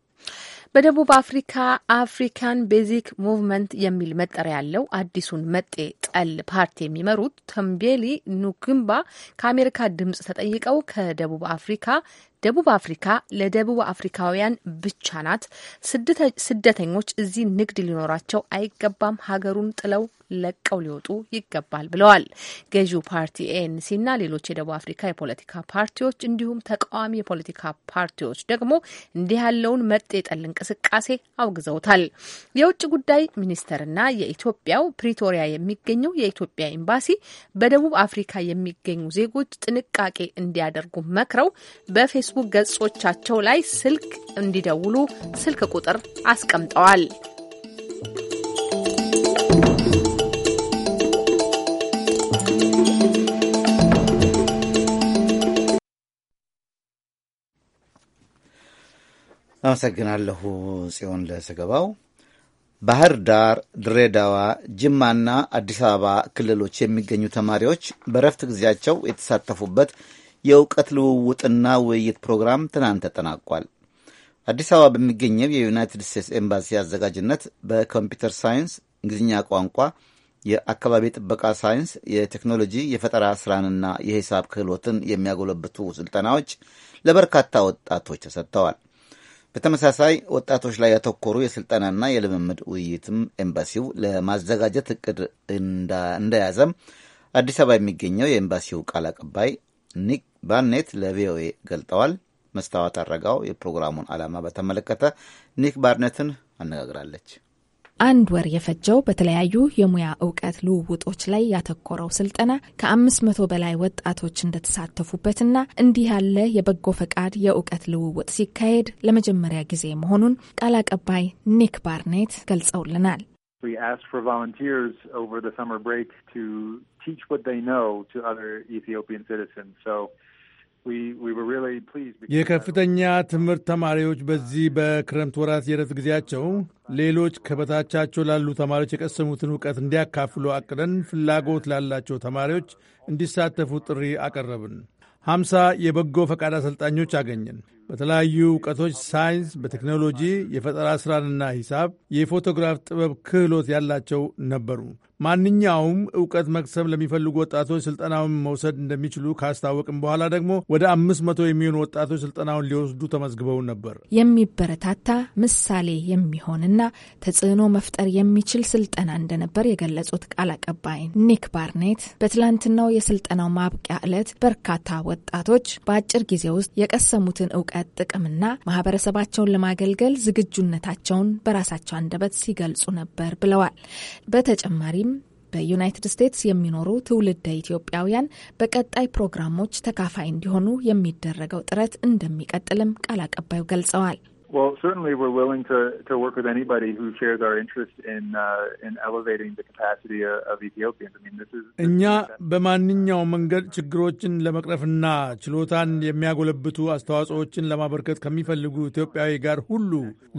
በደቡብ አፍሪካ አፍሪካን ቤዚክ ሙቭመንት የሚል መጠሪያ ያለው አዲሱን መጤ ጠል ፓርቲ የሚመሩት ተምቤሊ ኑግምባ ከአሜሪካ ድምጽ ተጠይቀው ከደቡብ አፍሪካ ደቡብ አፍሪካ ለደቡብ አፍሪካውያን ብቻ ናት። ስደተኞች እዚህ ንግድ ሊኖራቸው አይገባም። ሀገሩን ጥለው ለቀው ሊወጡ ይገባል ብለዋል። ገዢው ፓርቲ ኤንሲና ሌሎች የደቡብ አፍሪካ የፖለቲካ ፓርቲዎች እንዲሁም ተቃዋሚ የፖለቲካ ፓርቲዎች ደግሞ እንዲህ ያለውን መጤ የጠል እንቅስቃሴ አውግዘውታል። የውጭ ጉዳይ ሚኒስቴርና የኢትዮጵያው ፕሪቶሪያ የሚገኘው የኢትዮጵያ ኤምባሲ በደቡብ አፍሪካ የሚገኙ ዜጎች ጥንቃቄ እንዲያደርጉ መክረው በፌስ በፌስቡክ ገጾቻቸው ላይ ስልክ እንዲደውሉ ስልክ ቁጥር አስቀምጠዋል። አመሰግናለሁ ጽዮን ለዘገባው። ባህር ዳር፣ ድሬዳዋ፣ ጅማና አዲስ አበባ ክልሎች የሚገኙ ተማሪዎች በረፍት ጊዜያቸው የተሳተፉበት የእውቀት ልውውጥና ውይይት ፕሮግራም ትናንት ተጠናቋል። አዲስ አበባ በሚገኘው የዩናይትድ ስቴትስ ኤምባሲ አዘጋጅነት በኮምፒውተር ሳይንስ፣ እንግሊዝኛ ቋንቋ፣ የአካባቢ ጥበቃ ሳይንስ፣ የቴክኖሎጂ የፈጠራ ስራንና የሂሳብ ክህሎትን የሚያጎለብቱ ስልጠናዎች ለበርካታ ወጣቶች ተሰጥተዋል። በተመሳሳይ ወጣቶች ላይ ያተኮሩ የስልጠናና የልምምድ ውይይትም ኤምባሲው ለማዘጋጀት እቅድ እንደያዘም አዲስ አበባ የሚገኘው የኤምባሲው ቃል አቀባይ ኒክ ባርኔት ለቪኦኤ ገልጠዋል። መስታወት አረጋው የፕሮግራሙን ዓላማ በተመለከተ ኒክ ባርኔትን አነጋግራለች። አንድ ወር የፈጀው በተለያዩ የሙያ እውቀት ልውውጦች ላይ ያተኮረው ስልጠና ከአምስት መቶ በላይ ወጣቶች እንደተሳተፉበትና እንዲህ ያለ የበጎ ፈቃድ የእውቀት ልውውጥ ሲካሄድ ለመጀመሪያ ጊዜ መሆኑን ቃል አቀባይ ኒክ ባርኔት ገልጸውልናል። የከፍተኛ ትምህርት ተማሪዎች በዚህ በክረምት ወራት የረት ጊዜያቸው ሌሎች ከበታቻቸው ላሉ ተማሪዎች የቀሰሙትን እውቀት እንዲያካፍሉ አቅደን ፍላጎት ላላቸው ተማሪዎች እንዲሳተፉ ጥሪ አቀረብን። ሀምሳ የበጎ ፈቃድ አሰልጣኞች አገኘን። በተለያዩ እውቀቶች ሳይንስ፣ በቴክኖሎጂ፣ የፈጠራ ስራንና ሂሳብ፣ የፎቶግራፍ ጥበብ ክህሎት ያላቸው ነበሩ። ማንኛውም እውቀት መቅሰም ለሚፈልጉ ወጣቶች ስልጠናውን መውሰድ እንደሚችሉ ካስታወቅም በኋላ ደግሞ ወደ አምስት መቶ የሚሆኑ ወጣቶች ስልጠናውን ሊወስዱ ተመዝግበው ነበር። የሚበረታታ ምሳሌ የሚሆንና ተጽዕኖ መፍጠር የሚችል ስልጠና እንደነበር የገለጹት ቃል አቀባይ ኒክ ባርኔት በትላንትናው የስልጠናው ማብቂያ ዕለት በርካታ ወጣቶች በአጭር ጊዜ ውስጥ የቀሰሙትን እውቀት ለማምጣት ጥቅምና ማህበረሰባቸውን ለማገልገል ዝግጁነታቸውን በራሳቸው አንደበት ሲገልጹ ነበር ብለዋል። በተጨማሪም በዩናይትድ ስቴትስ የሚኖሩ ትውልደ ኢትዮጵያውያን በቀጣይ ፕሮግራሞች ተካፋይ እንዲሆኑ የሚደረገው ጥረት እንደሚቀጥልም ቃል አቀባዩ ገልጸዋል። Well, certainly we're willing to, to work with anybody who shares our interest in, uh, in elevating the capacity of Ethiopians. I mean, this is... እኛ መንገድ ችግሮችን ለመቅረፍና ችሎታን የሚያጎለብቱ አስተዋጽኦዎችን ለማበርከት ከሚፈልጉ ኢትዮጵያዊ ጋር ሁሉ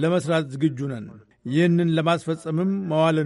ለመስራት ዝግጁ ነን። ይህንን ለማስፈጸምም መዋለ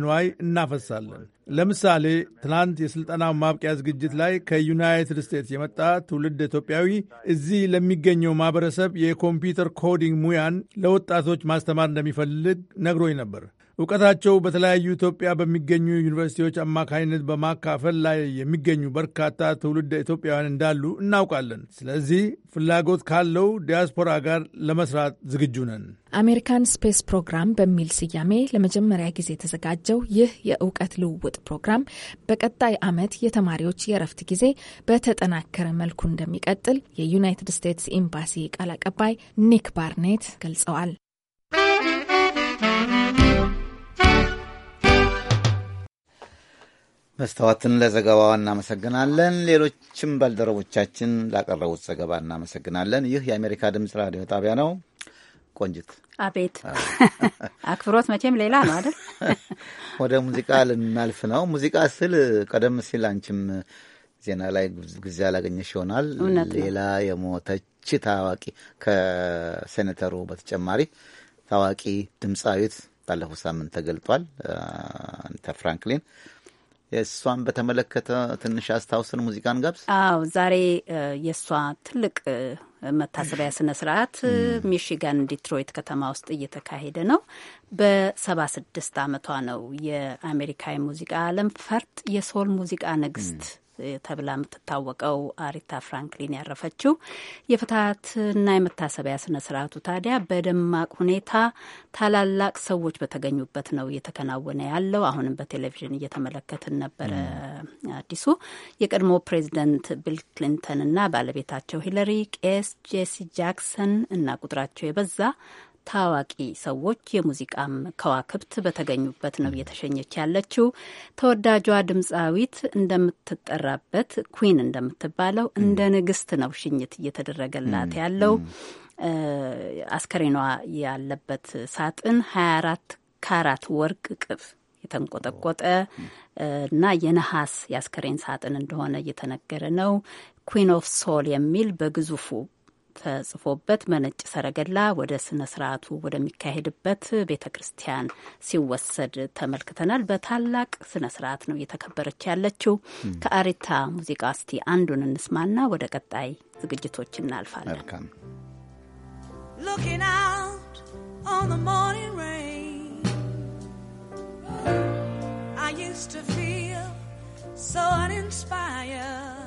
እናፈሳለን። ለምሳሌ ትናንት የሥልጠናው ማብቂያ ዝግጅት ላይ ከዩናይትድ ስቴትስ የመጣ ትውልድ ኢትዮጵያዊ እዚህ ለሚገኘው ማኅበረሰብ የኮምፒውተር ኮዲንግ ሙያን ለወጣቶች ማስተማር እንደሚፈልግ ነግሮኝ ነበር። እውቀታቸው በተለያዩ ኢትዮጵያ በሚገኙ ዩኒቨርሲቲዎች አማካኝነት በማካፈል ላይ የሚገኙ በርካታ ትውልድ ኢትዮጵያውያን እንዳሉ እናውቃለን። ስለዚህ ፍላጎት ካለው ዲያስፖራ ጋር ለመስራት ዝግጁ ነን። አሜሪካን ስፔስ ፕሮግራም በሚል ስያሜ ለመጀመሪያ ጊዜ የተዘጋጀው ይህ የእውቀት ልውውጥ ፕሮግራም በቀጣይ ዓመት የተማሪዎች የእረፍት ጊዜ በተጠናከረ መልኩ እንደሚቀጥል የዩናይትድ ስቴትስ ኤምባሲ ቃል አቀባይ ኒክ ባርኔት ገልጸዋል። መስታወትን ለዘገባዋ እናመሰግናለን። ሌሎችም ባልደረቦቻችን ላቀረቡት ዘገባ እናመሰግናለን። ይህ የአሜሪካ ድምጽ ራዲዮ ጣቢያ ነው። ቆንጅት አቤት አክብሮት መቼም ሌላ ነው አይደል? ወደ ሙዚቃ ልናልፍ ነው። ሙዚቃ ስል ቀደም ሲል አንቺም ዜና ላይ ጊዜ አላገኘሽ ይሆናል። ሌላ የሞተች ታዋቂ ከሴኔተሩ በተጨማሪ ታዋቂ ድምፃዊት ባለፈው ሳምንት ተገልጧል። አኒታ ፍራንክሊን የእሷን በተመለከተ ትንሽ አስታውስን፣ ሙዚቃን ጋብስ። አዎ ዛሬ የእሷ ትልቅ መታሰቢያ ስነ ስርዓት ሚሽጋን ዲትሮይት ከተማ ውስጥ እየተካሄደ ነው። በሰባ ስድስት አመቷ ነው የአሜሪካ የሙዚቃ አለም ፈርጥ የሶል ሙዚቃ ንግስት ተብላ የምትታወቀው አሪታ ፍራንክሊን ያረፈችው የፍትሀትና የመታሰቢያ ስነ ስርዓቱ ታዲያ በደማቅ ሁኔታ ታላላቅ ሰዎች በተገኙበት ነው እየተከናወነ ያለው። አሁንም በቴሌቪዥን እየተመለከትን ነበረ። አዲሱ የቀድሞ ፕሬዚደንት ቢል ክሊንተን እና ባለቤታቸው ሂለሪ፣ ቄስ ጄሲ ጃክሰን እና ቁጥራቸው የበዛ ታዋቂ ሰዎች የሙዚቃም ከዋክብት በተገኙበት ነው እየተሸኘች ያለችው። ተወዳጇ ድምፃዊት እንደምትጠራበት ኩዊን እንደምትባለው እንደ ንግስት ነው ሽኝት እየተደረገላት ያለው። አስከሬኗ ያለበት ሳጥን 24 ካራት ወርቅ ቅብ የተንቆጠቆጠ እና የነሐስ የአስከሬን ሳጥን እንደሆነ እየተነገረ ነው። ኩዊን ኦፍ ሶል የሚል በግዙፉ ተጽፎበት በነጭ ሰረገላ ወደ ስነ ስርዓቱ ወደሚካሄድበት ቤተ ክርስቲያን ሲወሰድ ተመልክተናል። በታላቅ ስነ ስርዓት ነው እየተከበረች ያለችው። ከአሪታ ሙዚቃ እስቲ አንዱን እንስማና ወደ ቀጣይ ዝግጅቶች እናልፋለን። I used to feel so uninspired.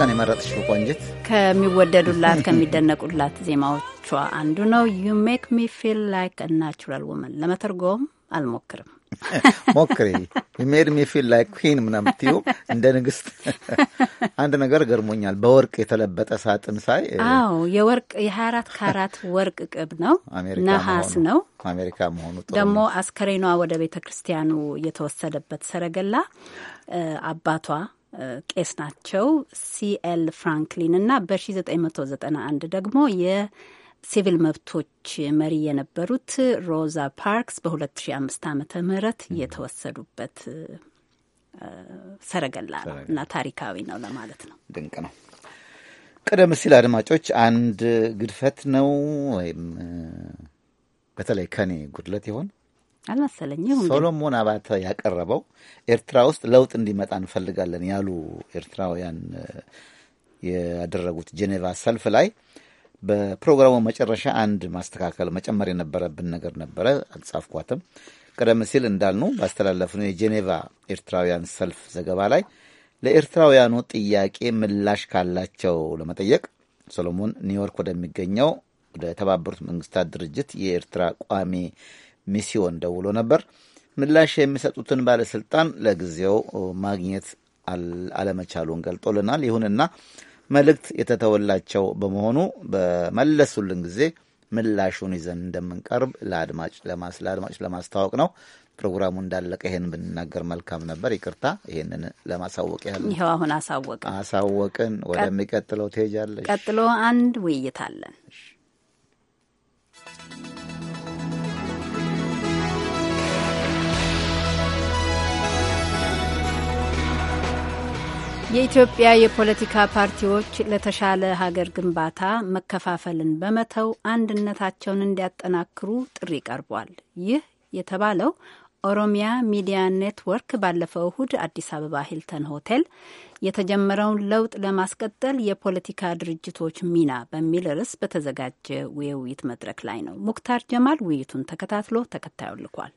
ነው የመረጥሽ ቆንጅት? ከሚወደዱላት ከሚደነቁላት ዜማዎቿ አንዱ ነው። ዩ ሜክ ሚ ፊል ላይክ ናቹራል ውመን። ለመተርጎም አልሞክርም። ሞክሪ። ሜድ ሚ ፊል ላይክ ኩን ምናምን እንደ ንግስት። አንድ ነገር ገርሞኛል፣ በወርቅ የተለበጠ ሳጥን ሳይ። አዎ የወርቅ የ24 ካራት ወርቅ ቅብ ነው፣ ነሐስ ነው። አሜሪካ መሆኑ ደግሞ አስከሬኗ ወደ ቤተ ክርስቲያኑ የተወሰደበት ሰረገላ አባቷ ቄስ ናቸው። ሲኤል ፍራንክሊን እና በ1991 ደግሞ የሲቪል መብቶች መሪ የነበሩት ሮዛ ፓርክስ በ2005 ዓመተ ምህረት የተወሰዱበት ሰረገላ ነው እና ታሪካዊ ነው ለማለት ነው። ድንቅ ነው። ቀደም ሲል አድማጮች አንድ ግድፈት ነው ወይም በተለይ ከኔ ጉድለት ይሆን አልመሰለኝም። ሶሎሞን አባተ ያቀረበው ኤርትራ ውስጥ ለውጥ እንዲመጣ እንፈልጋለን ያሉ ኤርትራውያን ያደረጉት ጄኔቫ ሰልፍ ላይ በፕሮግራሙ መጨረሻ አንድ ማስተካከል መጨመር የነበረብን ነገር ነበረ፣ አልጻፍኳትም። ቀደም ሲል እንዳልኑ ባስተላለፍነው የጄኔቫ ኤርትራውያን ሰልፍ ዘገባ ላይ ለኤርትራውያኑ ጥያቄ ምላሽ ካላቸው ለመጠየቅ ሶሎሞን ኒውዮርክ ወደሚገኘው ወደ ተባበሩት መንግስታት ድርጅት የኤርትራ ቋሚ ሚስዮን ደውሎ ነበር። ምላሽ የሚሰጡትን ባለስልጣን ለጊዜው ማግኘት አለመቻሉን ገልጦልናል። ይሁንና መልእክት የተተወላቸው በመሆኑ በመለሱልን ጊዜ ምላሹን ይዘን እንደምንቀርብ ለአድማጭ ለአድማጭ ለማስታወቅ ነው። ፕሮግራሙ እንዳለቀ ይህን ብንናገር መልካም ነበር። ይቅርታ፣ ይህንን ለማሳወቅ ያለ ይኸው አሁን አሳወቅ አሳወቅን። ወደሚቀጥለው ትሄጃለሽ። ቀጥሎ አንድ ውይይት አለን። የኢትዮጵያ የፖለቲካ ፓርቲዎች ለተሻለ ሀገር ግንባታ መከፋፈልን በመተው አንድነታቸውን እንዲያጠናክሩ ጥሪ ቀርቧል። ይህ የተባለው ኦሮሚያ ሚዲያ ኔትወርክ ባለፈው እሁድ አዲስ አበባ ሂልተን ሆቴል የተጀመረውን ለውጥ ለማስቀጠል የፖለቲካ ድርጅቶች ሚና በሚል ርዕስ በተዘጋጀ የውይይት መድረክ ላይ ነው። ሙክታር ጀማል ውይይቱን ተከታትሎ ተከታዩን ልኳል።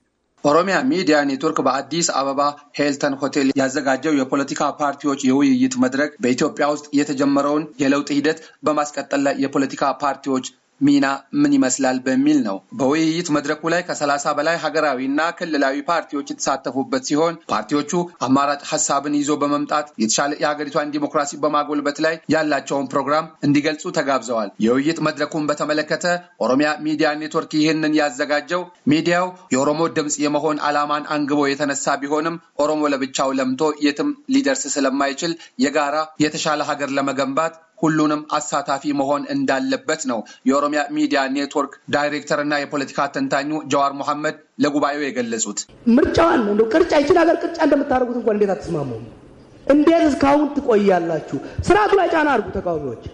ኦሮሚያ ሚዲያ ኔትወርክ በአዲስ አበባ ሄልተን ሆቴል ያዘጋጀው የፖለቲካ ፓርቲዎች የውይይት መድረክ በኢትዮጵያ ውስጥ የተጀመረውን የለውጥ ሂደት በማስቀጠል ላይ የፖለቲካ ፓርቲዎች ሚና ምን ይመስላል በሚል ነው። በውይይት መድረኩ ላይ ከሰላሳ በላይ ሀገራዊና ክልላዊ ፓርቲዎች የተሳተፉበት ሲሆን ፓርቲዎቹ አማራጭ ሀሳብን ይዞ በመምጣት የተሻለ የሀገሪቷን ዲሞክራሲ በማጎልበት ላይ ያላቸውን ፕሮግራም እንዲገልጹ ተጋብዘዋል። የውይይት መድረኩን በተመለከተ ኦሮሚያ ሚዲያ ኔትወርክ ይህንን ያዘጋጀው ሚዲያው የኦሮሞ ድምፅ የመሆን ዓላማን አንግቦ የተነሳ ቢሆንም ኦሮሞ ለብቻው ለምቶ የትም ሊደርስ ስለማይችል የጋራ የተሻለ ሀገር ለመገንባት ሁሉንም አሳታፊ መሆን እንዳለበት ነው የኦሮሚያ ሚዲያ ኔትወርክ ዳይሬክተር እና የፖለቲካ ተንታኙ ጀዋር መሐመድ ለጉባኤው የገለጹት። ምርጫዋን ቅርጫ ይችን ሀገር ቅርጫ እንደምታደርጉት እንኳን እንዴት አትስማሙም? እንዴት እስካሁን ትቆያላችሁ? ስርዓቱ ላይ ጫና አድርጉ። ተቃዋሚዎች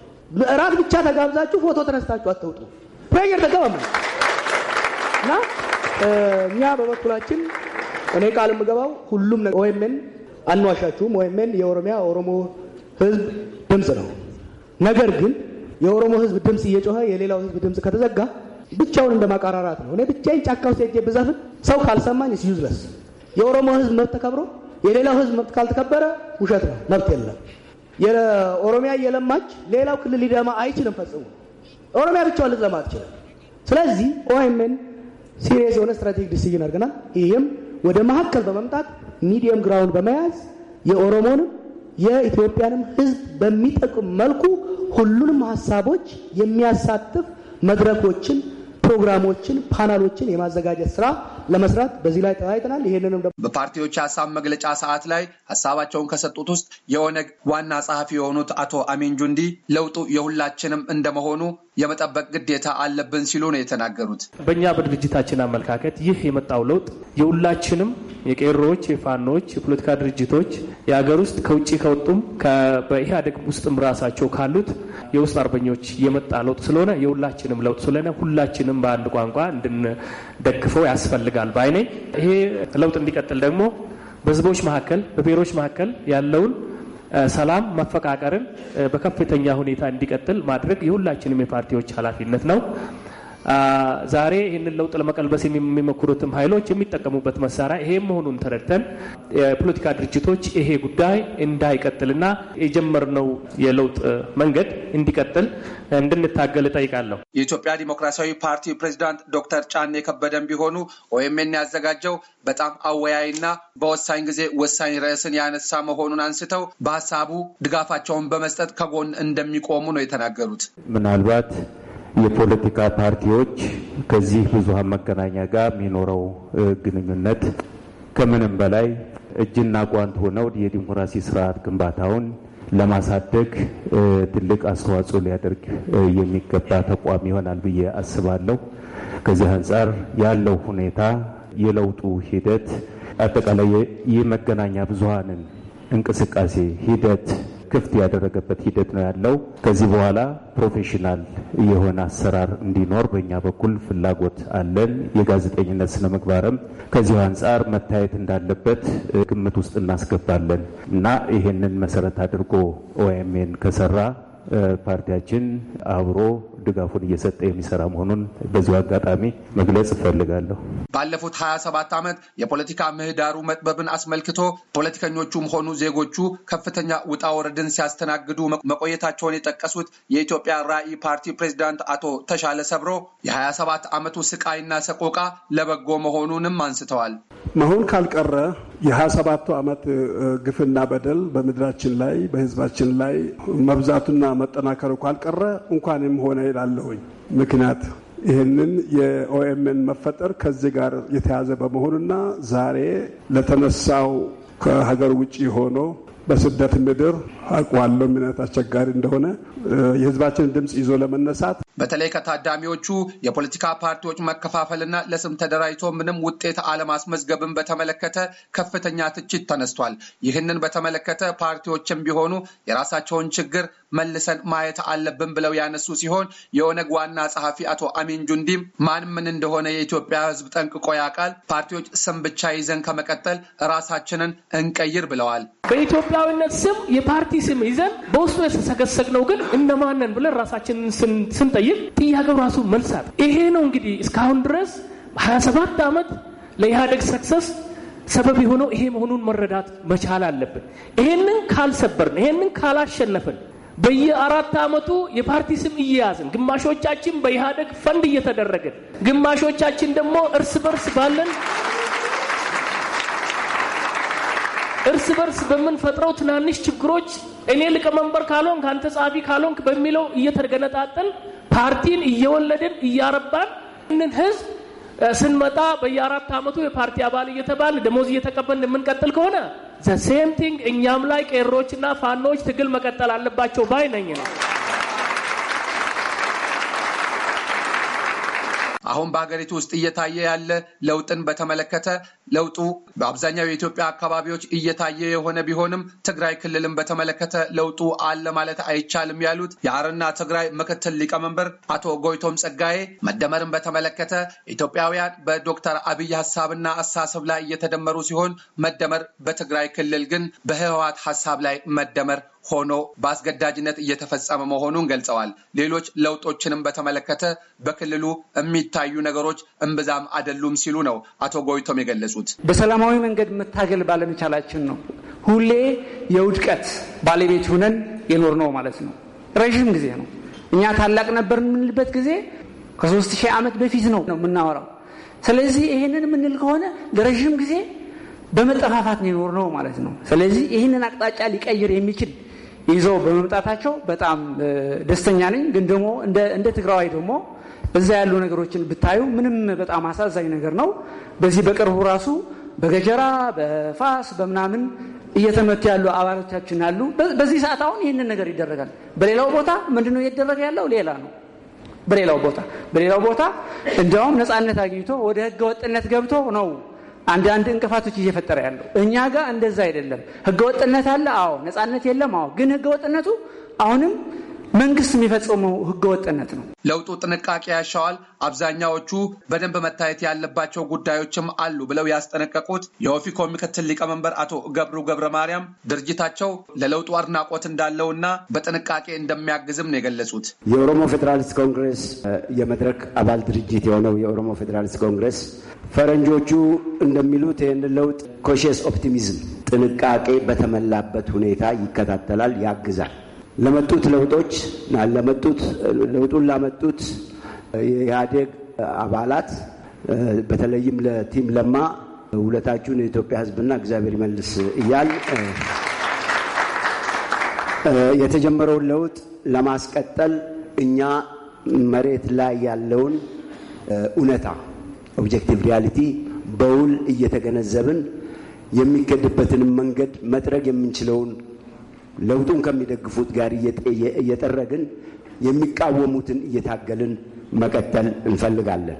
እራት ብቻ ተጋብዛችሁ ፎቶ ተነስታችሁ አትውጡ። ፕሬየር ተቀበሙ እና እኛ በበኩላችን እኔ ቃል የምገባው ሁሉም ኦኤምን አንዋሻችሁም። ኦኤምን የኦሮሚያ ኦሮሞ ህዝብ ድምፅ ነው። ነገር ግን የኦሮሞ ህዝብ ድምፅ እየጮኸ የሌላው ህዝብ ድምፅ ከተዘጋ ብቻውን እንደ ማቀራራት ነው። እኔ ብቻዬን ጫካ ውስጥ ሄጄ ብዛፍን ሰው ካልሰማኝ ስ ዩዝለስ። የኦሮሞ ህዝብ መብት ተከብሮ የሌላው ህዝብ መብት ካልተከበረ ውሸት ነው፣ መብት የለም። የኦሮሚያ እየለማች ሌላው ክልል ሊደማ አይችልም ፈጽሞ። ኦሮሚያ ብቻዋን ልትለማ አትችልም። ስለዚህ ኦኤምን ሲሪየስ የሆነ ስትራቴጂክ ዲሲዥን አድርገናል። ይህም ወደ መካከል በመምጣት ሚዲየም ግራውንድ በመያዝ የኦሮሞንም የኢትዮጵያንም ሕዝብ በሚጠቅም መልኩ ሁሉንም ሀሳቦች የሚያሳትፍ መድረኮችን፣ ፕሮግራሞችን፣ ፓናሎችን የማዘጋጀት ስራ ለመስራት በዚህ ላይ ተወያይተናል። ይሄንንም በፓርቲዎች ሀሳብ መግለጫ ሰዓት ላይ ሀሳባቸውን ከሰጡት ውስጥ የኦነግ ዋና ጸሐፊ የሆኑት አቶ አሚን ጁንዲ ለውጡ የሁላችንም እንደመሆኑ የመጠበቅ ግዴታ አለብን ሲሉ ነው የተናገሩት። በእኛ በድርጅታችን አመለካከት ይህ የመጣው ለውጥ የሁላችንም የቄሮዎች፣ የፋኖች፣ የፖለቲካ ድርጅቶች የሀገር ውስጥ ከውጭ ከወጡም በኢህአዴግ ውስጥም ራሳቸው ካሉት የውስጥ አርበኞች የመጣ ለውጥ ስለሆነ የሁላችንም ለውጥ ስለሆነ ሁላችንም በአንድ ቋንቋ እንድንደግፈው ያስፈልጋል ያስፈልጋል ባይ ይሄ ለውጥ እንዲቀጥል ደግሞ በህዝቦች መካከል በብሔሮች መካከል ያለውን ሰላም መፈቃቀርን በከፍተኛ ሁኔታ እንዲቀጥል ማድረግ የሁላችንም የፓርቲዎች ኃላፊነት ነው። ዛሬ ይህንን ለውጥ ለመቀልበስ የሚሞክሩትም ኃይሎች የሚጠቀሙበት መሳሪያ ይሄ መሆኑን ተረድተን የፖለቲካ ድርጅቶች ይሄ ጉዳይ እንዳይቀጥልና የጀመርነው የለውጥ መንገድ እንዲቀጥል እንድንታገል እጠይቃለሁ። የኢትዮጵያ ዲሞክራሲያዊ ፓርቲ ፕሬዚዳንት ዶክተር ጫኔ ከበደም ቢሆኑ ኦኤምኤን ያዘጋጀው በጣም አወያይና በወሳኝ ጊዜ ወሳኝ ርዕስን ያነሳ መሆኑን አንስተው በሀሳቡ ድጋፋቸውን በመስጠት ከጎን እንደሚቆሙ ነው የተናገሩት። ምናልባት የፖለቲካ ፓርቲዎች ከዚህ ብዙሃን መገናኛ ጋር የሚኖረው ግንኙነት ከምንም በላይ እጅና ጓንት ሆነው የዲሞክራሲ ስርዓት ግንባታውን ለማሳደግ ትልቅ አስተዋጽኦ ሊያደርግ የሚገባ ተቋም ይሆናል ብዬ አስባለሁ። ከዚህ አንጻር ያለው ሁኔታ የለውጡ ሂደት አጠቃላይ የመገናኛ ብዙሃንን እንቅስቃሴ ሂደት ክፍት ያደረገበት ሂደት ነው ያለው። ከዚህ በኋላ ፕሮፌሽናል የሆነ አሰራር እንዲኖር በእኛ በኩል ፍላጎት አለን። የጋዜጠኝነት ስነ ምግባርም ከዚሁ አንጻር መታየት እንዳለበት ግምት ውስጥ እናስገባለን እና ይሄንን መሰረት አድርጎ ኦኤምኤን ከሰራ ፓርቲያችን አብሮ ድጋፉን እየሰጠ የሚሰራ መሆኑን በዚሁ አጋጣሚ መግለጽ እፈልጋለሁ። ባለፉት 27 ዓመት የፖለቲካ ምህዳሩ መጥበብን አስመልክቶ ፖለቲከኞቹም ሆኑ ዜጎቹ ከፍተኛ ውጣ ወረድን ሲያስተናግዱ መቆየታቸውን የጠቀሱት የኢትዮጵያ ራዕይ ፓርቲ ፕሬዚዳንት አቶ ተሻለ ሰብሮ የ27 ዓመቱ ስቃይና ሰቆቃ ለበጎ መሆኑንም አንስተዋል። መሆን ካልቀረ የሀያ ሰባቱ ዓመት ግፍና በደል በምድራችን ላይ በህዝባችን ላይ መብዛቱና መጠናከሩ ካልቀረ እንኳንም ሆነ ይላለሁኝ። ምክንያት ይህንን የኦኤምን መፈጠር ከዚህ ጋር የተያዘ በመሆኑና ዛሬ ለተነሳው ከሀገር ውጭ ሆኖ በስደት ምድር አውቀዋለሁ ምን አይነት አስቸጋሪ እንደሆነ የህዝባችንን ድምፅ ይዞ ለመነሳት በተለይ ከታዳሚዎቹ የፖለቲካ ፓርቲዎች መከፋፈልና ለስም ተደራጅቶ ምንም ውጤት አለማስመዝገብን በተመለከተ ከፍተኛ ትችት ተነስቷል። ይህንን በተመለከተ ፓርቲዎችም ቢሆኑ የራሳቸውን ችግር መልሰን ማየት አለብን ብለው ያነሱ ሲሆን የኦነግ ዋና ጸሐፊ አቶ አሚን ጁንዲም ማን ምን እንደሆነ የኢትዮጵያ ህዝብ ጠንቅቆ ያውቃል። ፓርቲዎች ስም ብቻ ይዘን ከመቀጠል ራሳችንን እንቀይር ብለዋል። በኢትዮጵያዊነት ስም የፓርቲ ፓርቲ ስም ይዘን በውስጡ የተሰገሰግ ነው ግን እነማንን ብለን ራሳችንን ስንጠይቅ ጥያቄው ራሱ መልሳት ይሄ ነው። እንግዲህ እስካሁን ድረስ ሰባት ዓመት ለኢህአደግ ሰክሰስ ሰበብ የሆነው ይሄ መሆኑን መረዳት መቻል አለብን። ይሄንን ካልሰበርን፣ ይሄንን ካላሸነፍን በየአራት ዓመቱ የፓርቲ ስም እየያዝን ግማሾቻችን በኢህአደግ ፈንድ እየተደረግን፣ ግማሾቻችን ደግሞ እርስ በርስ ባለን እርስ በርስ በምንፈጥረው ትናንሽ ችግሮች እኔ ሊቀመንበር ካልሆንክ አንተ ጸሐፊ ካልሆንክ በሚለው እየተገነጣጠል ፓርቲን እየወለድን እያረባን ይህንን ህዝብ ስንመጣ በየአራት ዓመቱ የፓርቲ አባል እየተባል ደሞዝ እየተቀበል የምንቀጥል ከሆነ ዘሴም ቲንግ እኛም ላይ ቄሮችና ፋኖች ትግል መቀጠል አለባቸው ባይ ነኝ ነው። አሁን በሀገሪቱ ውስጥ እየታየ ያለ ለውጥን በተመለከተ ለውጡ በአብዛኛው የኢትዮጵያ አካባቢዎች እየታየ የሆነ ቢሆንም ትግራይ ክልልን በተመለከተ ለውጡ አለ ማለት አይቻልም ያሉት የአረና ትግራይ ምክትል ሊቀመንበር አቶ ጎይቶም ጸጋዬ መደመርን በተመለከተ ኢትዮጵያውያን በዶክተር አብይ ሀሳብና አሳሰብ ላይ እየተደመሩ ሲሆን መደመር በትግራይ ክልል ግን በህወሓት ሀሳብ ላይ መደመር ሆኖ በአስገዳጅነት እየተፈጸመ መሆኑን ገልጸዋል። ሌሎች ለውጦችንም በተመለከተ በክልሉ የሚታዩ ነገሮች እምብዛም አይደሉም ሲሉ ነው አቶ ጎይቶም የገለጹ የገለጹት። በሰላማዊ መንገድ መታገል ባለመቻላችን ነው ሁሌ የውድቀት ባለቤት ሁነን የኖር ነው ማለት ነው። ረዥም ጊዜ ነው። እኛ ታላቅ ነበር የምንልበት ጊዜ ከሶስት ሺህ ዓመት በፊት ነው ነው የምናወራው። ስለዚህ ይህንን የምንል ከሆነ ለረዥም ጊዜ በመጠፋፋት ነው የኖር ነው ማለት ነው። ስለዚህ ይህንን አቅጣጫ ሊቀይር የሚችል ይዘው በመምጣታቸው በጣም ደስተኛ ነኝ። ግን ደግሞ እንደ ትግራዋይ ደግሞ በዛ ያሉ ነገሮችን ብታዩ ምንም በጣም አሳዛኝ ነገር ነው። በዚህ በቅርቡ ራሱ በገጀራ በፋስ በምናምን እየተመቱ ያሉ አባሎቻችን አሉ። በዚህ ሰዓት አሁን ይህንን ነገር ይደረጋል። በሌላው ቦታ ምንድነው እየደረገ ያለው? ሌላ ነው። በሌላው ቦታ በሌላው ቦታ እንዲያውም ነፃነት አግኝቶ ወደ ህገ ወጥነት ገብቶ ነው አንዳንድ እንቅፋቶች እየፈጠረ ያለው። እኛ ጋር እንደዛ አይደለም። ህገ ወጥነት አለ፣ አዎ። ነፃነት የለም፣ አዎ። ግን ህገ ወጥነቱ አሁንም መንግስት የሚፈጽመው ህገወጥነት ነው። ለውጡ ጥንቃቄ ያሻዋል። አብዛኛዎቹ በደንብ መታየት ያለባቸው ጉዳዮችም አሉ ብለው ያስጠነቀቁት የኦፊኮ ምክትል ሊቀመንበር አቶ ገብሩ ገብረ ማርያም ድርጅታቸው ለለውጡ አድናቆት እንዳለውና በጥንቃቄ እንደሚያግዝም ነው የገለጹት። የኦሮሞ ፌዴራሊስት ኮንግረስ የመድረክ አባል ድርጅት የሆነው የኦሮሞ ፌዴራሊስት ኮንግሬስ ፈረንጆቹ እንደሚሉት ይህን ለውጥ ኮሽስ ኦፕቲሚዝም ጥንቃቄ በተሞላበት ሁኔታ ይከታተላል፣ ያግዛል። ለመጡት ለውጦች ለመጡት ለውጡን ላመጡት የኢህአዴግ አባላት በተለይም ለቲም ለማ ውለታችሁን የኢትዮጵያ ሕዝብና እግዚአብሔር ይመልስ እያል የተጀመረውን ለውጥ ለማስቀጠል እኛ መሬት ላይ ያለውን እውነታ ኦብጀክቲቭ ሪያሊቲ በውል እየተገነዘብን የሚከድበትንም መንገድ መጥረግ የምንችለውን ለውጡን ከሚደግፉት ጋር እየጠረግን የሚቃወሙትን እየታገልን መቀጠል እንፈልጋለን።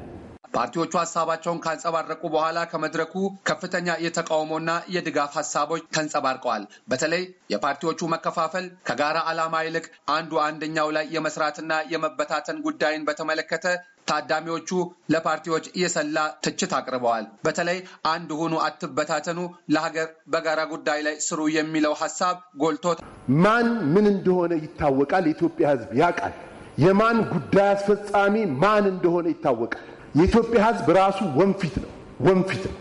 ፓርቲዎቹ ሀሳባቸውን ካንጸባረቁ በኋላ ከመድረኩ ከፍተኛ የተቃውሞና የድጋፍ ሀሳቦች ተንጸባርቀዋል። በተለይ የፓርቲዎቹ መከፋፈል ከጋራ ዓላማ ይልቅ አንዱ አንደኛው ላይ የመስራትና የመበታተን ጉዳይን በተመለከተ ታዳሚዎቹ ለፓርቲዎች የሰላ ትችት አቅርበዋል። በተለይ አንድ ሁኑ፣ አትበታተኑ፣ ለሀገር በጋራ ጉዳይ ላይ ስሩ የሚለው ሀሳብ ጎልቶ ማን ምን እንደሆነ ይታወቃል። የኢትዮጵያ ሕዝብ ያውቃል። የማን ጉዳይ አስፈጻሚ ማን እንደሆነ ይታወቃል። የኢትዮጵያ ህዝብ ራሱ ወንፊት ነው። ወንፊት ነው።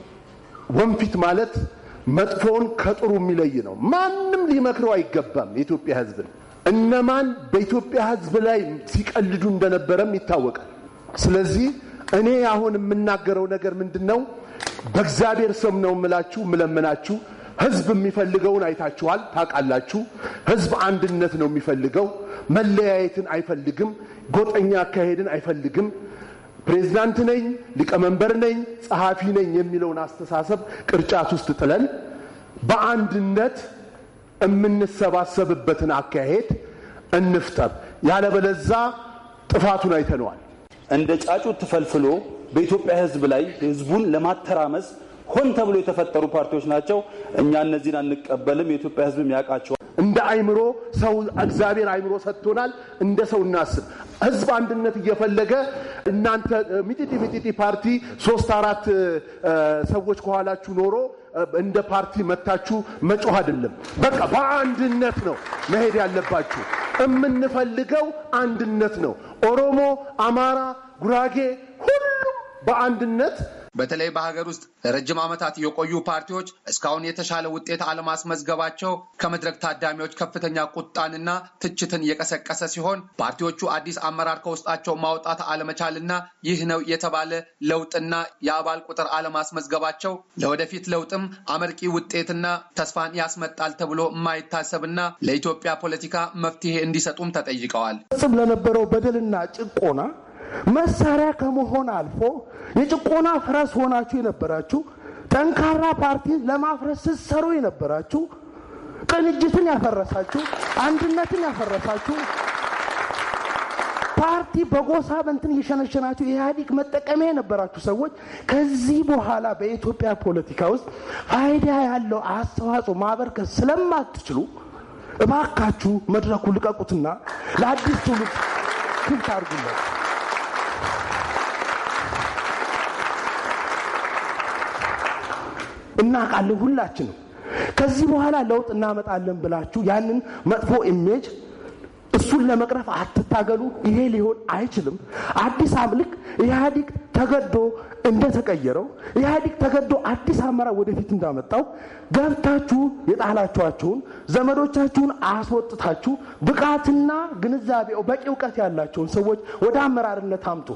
ወንፊት ማለት መጥፎውን ከጥሩ የሚለይ ነው። ማንም ሊመክረው አይገባም። የኢትዮጵያ ህዝብ እነማን በኢትዮጵያ ህዝብ ላይ ሲቀልዱ እንደነበረም ይታወቃል። ስለዚህ እኔ አሁን የምናገረው ነገር ምንድን ነው? በእግዚአብሔር ስም ነው የምላችሁ ምለምናችሁ ህዝብ የሚፈልገውን አይታችኋል፣ ታውቃላችሁ። ህዝብ አንድነት ነው የሚፈልገው፣ መለያየትን አይፈልግም፣ ጎጠኛ አካሄድን አይፈልግም። ፕሬዝዳንት ነኝ፣ ሊቀመንበር ነኝ፣ ጸሐፊ ነኝ የሚለውን አስተሳሰብ ቅርጫት ውስጥ ጥለን በአንድነት የምንሰባሰብበትን አካሄድ እንፍጠር። ያለበለዛ ጥፋቱን አይተነዋል። እንደ ጫጩት ተፈልፍሎ በኢትዮጵያ ሕዝብ ላይ ሕዝቡን ለማተራመስ ሆን ተብሎ የተፈጠሩ ፓርቲዎች ናቸው። እኛ እነዚህን አንቀበልም። የኢትዮጵያ ሕዝብም ያውቃቸዋል። እንደ አይምሮ ሰው እግዚአብሔር አይምሮ ሰጥቶናል። እንደ ሰው እናስብ። ህዝብ አንድነት እየፈለገ እናንተ ሚጢጢ ሚጢጢ ፓርቲ ሶስት አራት ሰዎች ከኋላችሁ ኖሮ እንደ ፓርቲ መታችሁ መጮህ አይደለም። በቃ በአንድነት ነው መሄድ ያለባችሁ። የምንፈልገው አንድነት ነው። ኦሮሞ፣ አማራ፣ ጉራጌ ሁሉም በአንድነት በተለይ በሀገር ውስጥ ለረጅም ዓመታት የቆዩ ፓርቲዎች እስካሁን የተሻለ ውጤት አለማስመዝገባቸው ከመድረክ ታዳሚዎች ከፍተኛ ቁጣንና ትችትን የቀሰቀሰ ሲሆን ፓርቲዎቹ አዲስ አመራር ከውስጣቸው ማውጣት አለመቻልና ይህ ነው የተባለ ለውጥና የአባል ቁጥር አለማስመዝገባቸው ለወደፊት ለውጥም አመርቂ ውጤትና ተስፋን ያስመጣል ተብሎ የማይታሰብና ለኢትዮጵያ ፖለቲካ መፍትሄ እንዲሰጡም ተጠይቀዋል። ለነበረው በደልና ጭቆና መሳሪያ ከመሆን አልፎ የጭቆና ፈረስ ሆናችሁ የነበራችሁ ጠንካራ ፓርቲ ለማፍረስ ስትሰሩ የነበራችሁ ቅንጅትን ያፈረሳችሁ፣ አንድነትን ያፈረሳችሁ ፓርቲ በጎሳ በንትን እየሸነሸናችሁ የኢህአዴግ መጠቀሚያ የነበራችሁ ሰዎች ከዚህ በኋላ በኢትዮጵያ ፖለቲካ ውስጥ ፋይዳ ያለው አስተዋጽኦ ማበርከት ስለማትችሉ እባካችሁ መድረኩ ልቀቁትና ለአዲስ ትውልድ ክፍት አድርጉለት። እናውቃለን ሁላችንም። ከዚህ በኋላ ለውጥ እናመጣለን ብላችሁ ያንን መጥፎ ኢሜጅ እሱን ለመቅረፍ አትታገሉ። ይሄ ሊሆን አይችልም። አዲስ አምልክ ኢህአዲግ ተገዶ እንደተቀየረው ኢህአዲግ ተገዶ አዲስ አመራር ወደፊት እንዳመጣው ገብታችሁ የጣላችኋቸውን ዘመዶቻችሁን አስወጥታችሁ ብቃትና ግንዛቤ በቂ እውቀት ያላቸውን ሰዎች ወደ አመራርነት አምጡ።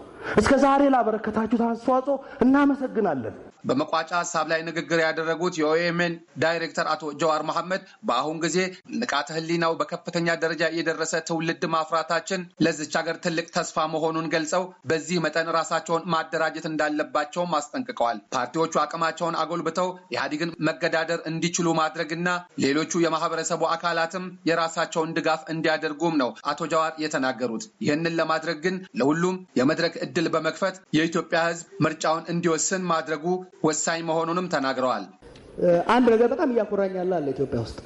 እስከ ዛሬ ላበረከታችሁት አስተዋጽኦ እናመሰግናለን። በመቋጫ ሀሳብ ላይ ንግግር ያደረጉት የኦኤምኤን ዳይሬክተር አቶ ጀዋር መሐመድ በአሁን ጊዜ ንቃተ ህሊናው በከፍተኛ ደረጃ የደረሰ ትውልድ ማፍራታችን ለዚች ሀገር ትልቅ ተስፋ መሆኑን ገልጸው በዚህ መጠን ራሳቸውን ማደራጀት እንዳለባቸውም አስጠንቅቀዋል። ፓርቲዎቹ አቅማቸውን አጎልብተው ኢህአዴግን መገዳደር እንዲችሉ ማድረግና ሌሎቹ የማህበረሰቡ አካላትም የራሳቸውን ድጋፍ እንዲያደርጉም ነው አቶ ጀዋር የተናገሩት። ይህንን ለማድረግ ግን ለሁሉም የመድረክ እድል በመክፈት የኢትዮጵያ ህዝብ ምርጫውን እንዲወስን ማድረጉ ወሳኝ መሆኑንም ተናግረዋል። አንድ ነገር በጣም እያኮራኛል አለ ኢትዮጵያ ውስጥ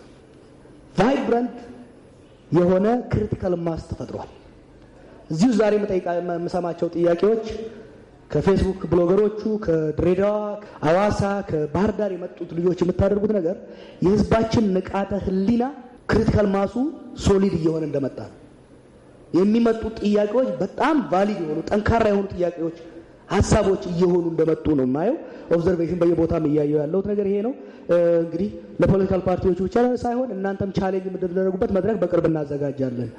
ቫይብራንት የሆነ ክሪቲካል ማስ ተፈጥሯል። እዚሁ ዛሬ የምሰማቸው ጥያቄዎች ከፌስቡክ ብሎገሮቹ ከድሬዳዋ፣ አዋሳ፣ ከባህር ዳር የመጡት ልጆች የምታደርጉት ነገር የህዝባችን ንቃተ ህሊና ክሪቲካል ማሱ ሶሊድ እየሆነ እንደመጣ ነው። የሚመጡት ጥያቄዎች በጣም ቫሊድ የሆኑ ጠንካራ የሆኑ ጥያቄዎች ሀሳቦች እየሆኑ እንደመጡ ነው የማየው። ኦብዘርቬሽን በየቦታም እያየው ያለሁት ነገር ይሄ ነው። እንግዲህ ለፖለቲካል ፓርቲዎች ብቻ ሳይሆን እናንተም ቻሌንጅ የምትደረጉበት መድረክ በቅርብ እናዘጋጃለን።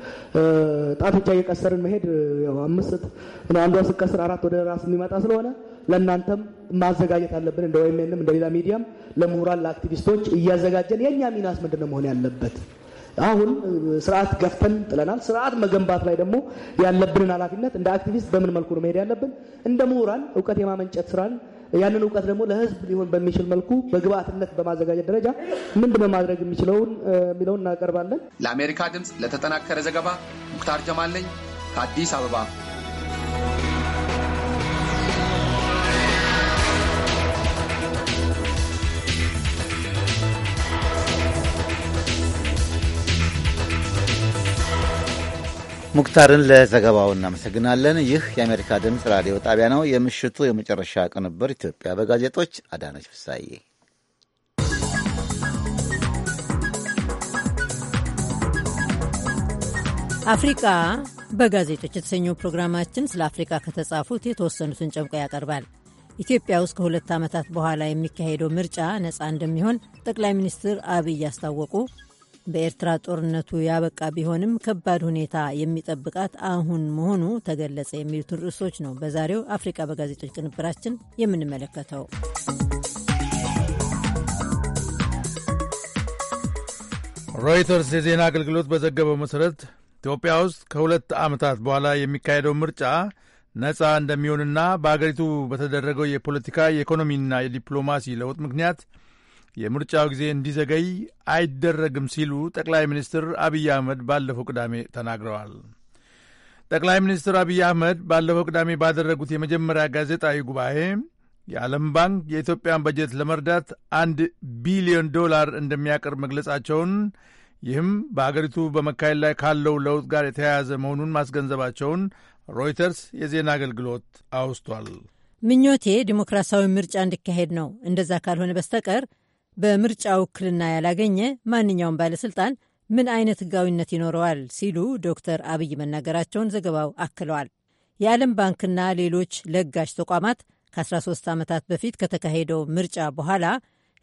ጣቶቻ ብቻ እየቀሰርን መሄድ አምስት አንዷ ስቀስር አራት ወደ ራስ የሚመጣ ስለሆነ ለእናንተም ማዘጋጀት አለብን። እንደ ወይም እንደ ሌላ ሚዲያም ለምሁራን ለአክቲቪስቶች እያዘጋጀን የእኛ ሚናስ ምንድነው መሆን ያለበት? አሁን ስርዓት ገፍተን ጥለናል። ስርዓት መገንባት ላይ ደግሞ ያለብንን ኃላፊነት እንደ አክቲቪስት በምን መልኩ ነው መሄድ ያለብን? እንደ ምሁራን እውቀት የማመንጨት ስራን ያንን እውቀት ደግሞ ለህዝብ ሊሆን በሚችል መልኩ በግብአትነት በማዘጋጀት ደረጃ ምንድ በማድረግ የሚችለውን የሚለውን እናቀርባለን። ለአሜሪካ ድምፅ ለተጠናከረ ዘገባ ሙክታር ጀማል ነኝ ከአዲስ አበባ ሙክታርን ለዘገባው እናመሰግናለን። ይህ የአሜሪካ ድምፅ ራዲዮ ጣቢያ ነው። የምሽቱ የመጨረሻ ቅንብር ኢትዮጵያ በጋዜጦች አዳነች ፍሳዬ። አፍሪቃ በጋዜጦች የተሰኘው ፕሮግራማችን ስለ አፍሪቃ ከተጻፉት የተወሰኑትን ጨምቆ ያቀርባል። ኢትዮጵያ ውስጥ ከሁለት ዓመታት በኋላ የሚካሄደው ምርጫ ነፃ እንደሚሆን ጠቅላይ ሚኒስትር አብይ አስታወቁ። በኤርትራ ጦርነቱ ያበቃ ቢሆንም ከባድ ሁኔታ የሚጠብቃት አሁን መሆኑ ተገለጸ የሚሉትን ርዕሶች ነው በዛሬው አፍሪቃ በጋዜጦች ቅንብራችን የምንመለከተው። ሮይተርስ የዜና አገልግሎት በዘገበው መሠረት ኢትዮጵያ ውስጥ ከሁለት ዓመታት በኋላ የሚካሄደው ምርጫ ነጻ እንደሚሆንና በአገሪቱ በተደረገው የፖለቲካ የኢኮኖሚና የዲፕሎማሲ ለውጥ ምክንያት የምርጫው ጊዜ እንዲዘገይ አይደረግም ሲሉ ጠቅላይ ሚኒስትር አብይ አህመድ ባለፈው ቅዳሜ ተናግረዋል። ጠቅላይ ሚኒስትር አብይ አህመድ ባለፈው ቅዳሜ ባደረጉት የመጀመሪያ ጋዜጣዊ ጉባኤ የዓለም ባንክ የኢትዮጵያን በጀት ለመርዳት አንድ ቢሊዮን ዶላር እንደሚያቀርብ መግለጻቸውን ይህም በአገሪቱ በመካሄድ ላይ ካለው ለውጥ ጋር የተያያዘ መሆኑን ማስገንዘባቸውን ሮይተርስ የዜና አገልግሎት አውስቷል። ምኞቴ ዲሞክራሲያዊ ምርጫ እንዲካሄድ ነው። እንደዛ ካልሆነ በስተቀር በምርጫ ውክልና ያላገኘ ማንኛውም ባለስልጣን ምን አይነት ህጋዊነት ይኖረዋል ሲሉ ዶክተር አብይ መናገራቸውን ዘገባው አክለዋል። የዓለም ባንክና ሌሎች ለጋሽ ተቋማት ከ13 ዓመታት በፊት ከተካሄደው ምርጫ በኋላ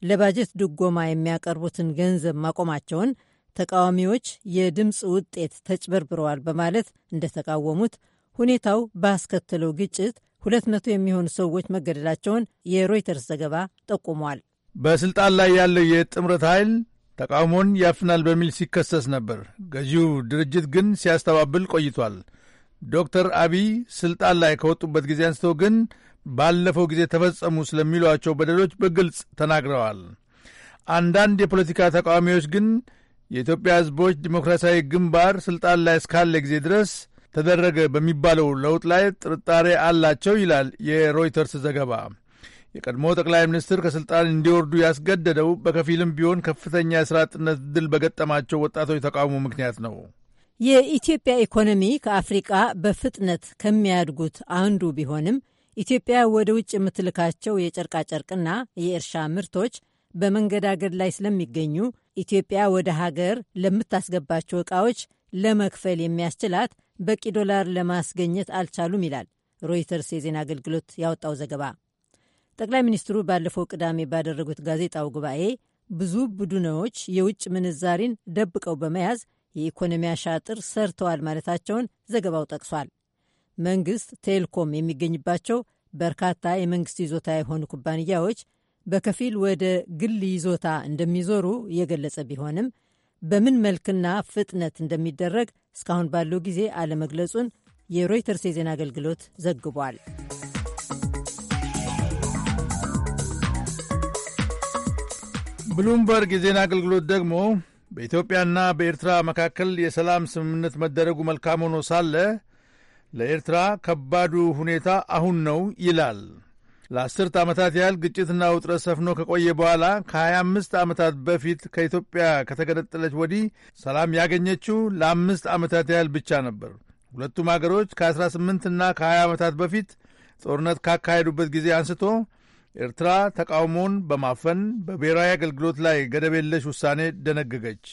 ለባጀት ድጎማ የሚያቀርቡትን ገንዘብ ማቆማቸውን ተቃዋሚዎች የድምፅ ውጤት ተጭበርብረዋል በማለት እንደተቃወሙት ሁኔታው ባስከተለው ግጭት 200 የሚሆኑ ሰዎች መገደላቸውን የሮይተርስ ዘገባ ጠቁሟል። በስልጣን ላይ ያለው የጥምረት ኃይል ተቃውሞን ያፍናል በሚል ሲከሰስ ነበር። ገዢው ድርጅት ግን ሲያስተባብል ቆይቷል። ዶክተር አብይ ስልጣን ላይ ከወጡበት ጊዜ አንስቶ ግን ባለፈው ጊዜ ተፈጸሙ ስለሚሏቸው በደሎች በግልጽ ተናግረዋል። አንዳንድ የፖለቲካ ተቃዋሚዎች ግን የኢትዮጵያ ሕዝቦች ዲሞክራሲያዊ ግንባር ስልጣን ላይ እስካለ ጊዜ ድረስ ተደረገ በሚባለው ለውጥ ላይ ጥርጣሬ አላቸው ይላል የሮይተርስ ዘገባ። የቀድሞ ጠቅላይ ሚኒስትር ከስልጣን እንዲወርዱ ያስገደደው በከፊልም ቢሆን ከፍተኛ የስራ አጥነት ድል በገጠማቸው ወጣቶች ተቃውሞ ምክንያት ነው። የኢትዮጵያ ኢኮኖሚ ከአፍሪቃ በፍጥነት ከሚያድጉት አንዱ ቢሆንም ኢትዮጵያ ወደ ውጭ የምትልካቸው የጨርቃጨርቅና የእርሻ ምርቶች በመንገዳገድ ላይ ስለሚገኙ ኢትዮጵያ ወደ ሀገር ለምታስገባቸው ዕቃዎች ለመክፈል የሚያስችላት በቂ ዶላር ለማስገኘት አልቻሉም ይላል ሮይተርስ የዜና አገልግሎት ያወጣው ዘገባ። ጠቅላይ ሚኒስትሩ ባለፈው ቅዳሜ ባደረጉት ጋዜጣው ጉባኤ ብዙ ቡድኖች የውጭ ምንዛሪን ደብቀው በመያዝ የኢኮኖሚ አሻጥር ሰርተዋል ማለታቸውን ዘገባው ጠቅሷል። መንግስት ቴልኮም የሚገኝባቸው በርካታ የመንግስት ይዞታ የሆኑ ኩባንያዎች በከፊል ወደ ግል ይዞታ እንደሚዞሩ የገለጸ ቢሆንም በምን መልክና ፍጥነት እንደሚደረግ እስካሁን ባለው ጊዜ አለመግለጹን የሮይተርስ የዜና አገልግሎት ዘግቧል። ብሉምበርግ የዜና አገልግሎት ደግሞ በኢትዮጵያና በኤርትራ መካከል የሰላም ስምምነት መደረጉ መልካም ሆኖ ሳለ ለኤርትራ ከባዱ ሁኔታ አሁን ነው ይላል። ለአስርት ዓመታት ያህል ግጭትና ውጥረት ሰፍኖ ከቆየ በኋላ ከ25 ዓመታት በፊት ከኢትዮጵያ ከተገነጠለች ወዲህ ሰላም ያገኘችው ለአምስት ዓመታት ያህል ብቻ ነበር። ሁለቱም አገሮች ከ18ና ከ20 ዓመታት በፊት ጦርነት ካካሄዱበት ጊዜ አንስቶ ኤርትራ ተቃውሞውን በማፈን በብሔራዊ አገልግሎት ላይ ገደብ የለሽ ውሳኔ ደነገገች።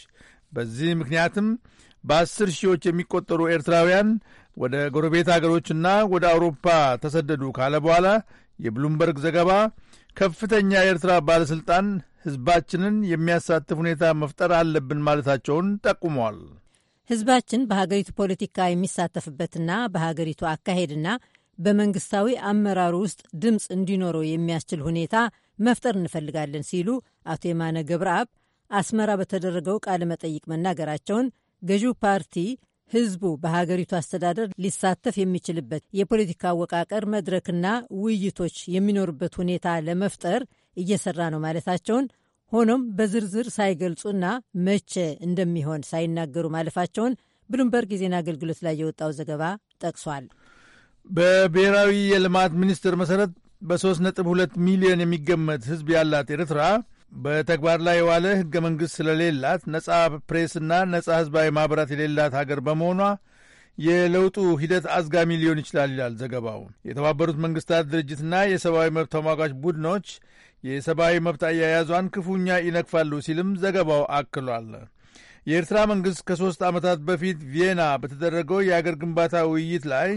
በዚህ ምክንያትም በአስር ሺዎች የሚቆጠሩ ኤርትራውያን ወደ ጎረቤት አገሮችና ወደ አውሮፓ ተሰደዱ ካለ በኋላ የብሉምበርግ ዘገባ ከፍተኛ የኤርትራ ባለሥልጣን ሕዝባችንን የሚያሳትፍ ሁኔታ መፍጠር አለብን ማለታቸውን ጠቁመዋል። ሕዝባችን በሀገሪቱ ፖለቲካ የሚሳተፍበትና በሀገሪቱ አካሄድና በመንግስታዊ አመራር ውስጥ ድምፅ እንዲኖረው የሚያስችል ሁኔታ መፍጠር እንፈልጋለን ሲሉ አቶ የማነ ገብረአብ አስመራ በተደረገው ቃለ መጠይቅ መናገራቸውን ገዢው ፓርቲ ህዝቡ በሀገሪቱ አስተዳደር ሊሳተፍ የሚችልበት የፖለቲካ አወቃቀር መድረክና ውይይቶች የሚኖሩበት ሁኔታ ለመፍጠር እየሰራ ነው ማለታቸውን፣ ሆኖም በዝርዝር ሳይገልጹና መቼ እንደሚሆን ሳይናገሩ ማለፋቸውን ብሉምበርግ የዜና አገልግሎት ላይ የወጣው ዘገባ ጠቅሷል። በብሔራዊ የልማት ሚኒስቴር መሠረት በ3.2 ሚሊዮን የሚገመት ሕዝብ ያላት ኤርትራ በተግባር ላይ የዋለ ሕገ መንግሥት ስለሌላት ነጻ ፕሬስና ነጻ ሕዝባዊ ማኅበራት የሌላት ሀገር በመሆኗ የለውጡ ሂደት አዝጋሚ ሊሆን ይችላል ይላል ዘገባው። የተባበሩት መንግስታት ድርጅትና የሰብአዊ መብት ተሟጋች ቡድኖች የሰብአዊ መብት አያያዟን ክፉኛ ይነክፋሉ ሲልም ዘገባው አክሏል። የኤርትራ መንግሥት ከሦስት ዓመታት በፊት ቪየና በተደረገው የአገር ግንባታ ውይይት ላይ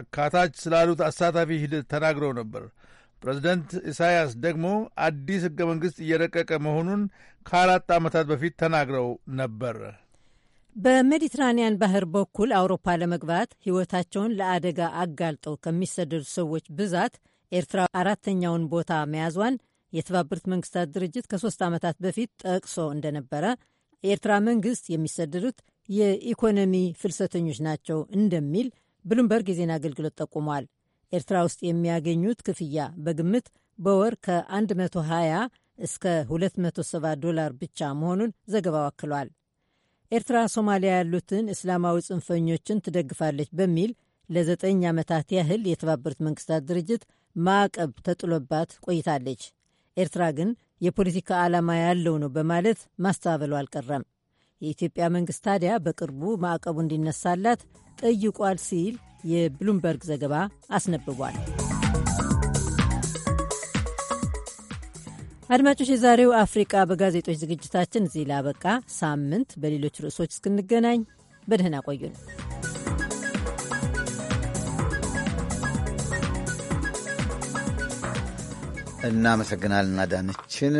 አካታች ስላሉት አሳታፊ ሂደት ተናግረው ነበር። ፕሬዝደንት ኢሳያስ ደግሞ አዲስ ሕገ መንግሥት እየረቀቀ መሆኑን ከአራት ዓመታት በፊት ተናግረው ነበር። በሜዲትራንያን ባህር በኩል አውሮፓ ለመግባት ሕይወታቸውን ለአደጋ አጋልጠው ከሚሰደዱ ሰዎች ብዛት ኤርትራ አራተኛውን ቦታ መያዟን የተባበሩት መንግስታት ድርጅት ከሶስት ዓመታት በፊት ጠቅሶ እንደነበረ የኤርትራ መንግስት የሚሰደዱት የኢኮኖሚ ፍልሰተኞች ናቸው እንደሚል ብሉምበርግ የዜና አገልግሎት ጠቁሟል። ኤርትራ ውስጥ የሚያገኙት ክፍያ በግምት በወር ከ120 እስከ 270 ዶላር ብቻ መሆኑን ዘገባው አክሏል። ኤርትራ ሶማሊያ ያሉትን እስላማዊ ጽንፈኞችን ትደግፋለች በሚል ለዘጠኝ ዓመታት ያህል የተባበሩት መንግስታት ድርጅት ማዕቀብ ተጥሎባት ቆይታለች። ኤርትራ ግን የፖለቲካ ዓላማ ያለው ነው በማለት ማስተባበሉ አልቀረም። የኢትዮጵያ መንግስት ታዲያ በቅርቡ ማዕቀቡ እንዲነሳላት ጠይቋል ሲል የብሉምበርግ ዘገባ አስነብቧል። አድማጮች፣ የዛሬው አፍሪቃ በጋዜጦች ዝግጅታችን እዚህ ላበቃ። ሳምንት በሌሎች ርዕሶች እስክንገናኝ በደህና ቆዩን። እናመሰግናልና ዳንችን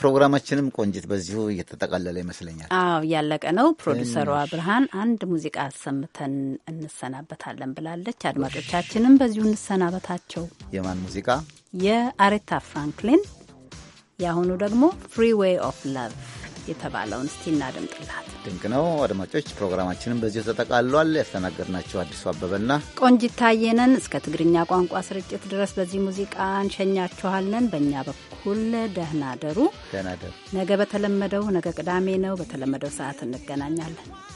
ፕሮግራማችንም ቆንጅት በዚሁ እየተጠቃለለ ይመስለኛል። አዎ እያለቀ ነው። ፕሮዲሰሯ ብርሃን አንድ ሙዚቃ አሰምተን እንሰናበታለን ብላለች። አድማጮቻችንም በዚሁ እንሰናበታቸው። የማን ሙዚቃ? የአሬታ ፍራንክሊን። የአሁኑ ደግሞ ፍሪ ዌይ ኦፍ ላቭ የተባለውን እስቲ እናደምጥላት። ድንቅ ነው። አድማጮች ፕሮግራማችንም በዚሁ ተጠቃሏል። ያስተናገድናቸው አዲሱ አበበና ቆንጂት ታየ እስከ ትግርኛ ቋንቋ ስርጭት ድረስ በዚህ ሙዚቃ እንሸኛችኋለን። በእኛ በኩል ደህና ደሩ። ነገ በተለመደው ነገ ቅዳሜ ነው፣ በተለመደው ሰዓት እንገናኛለን።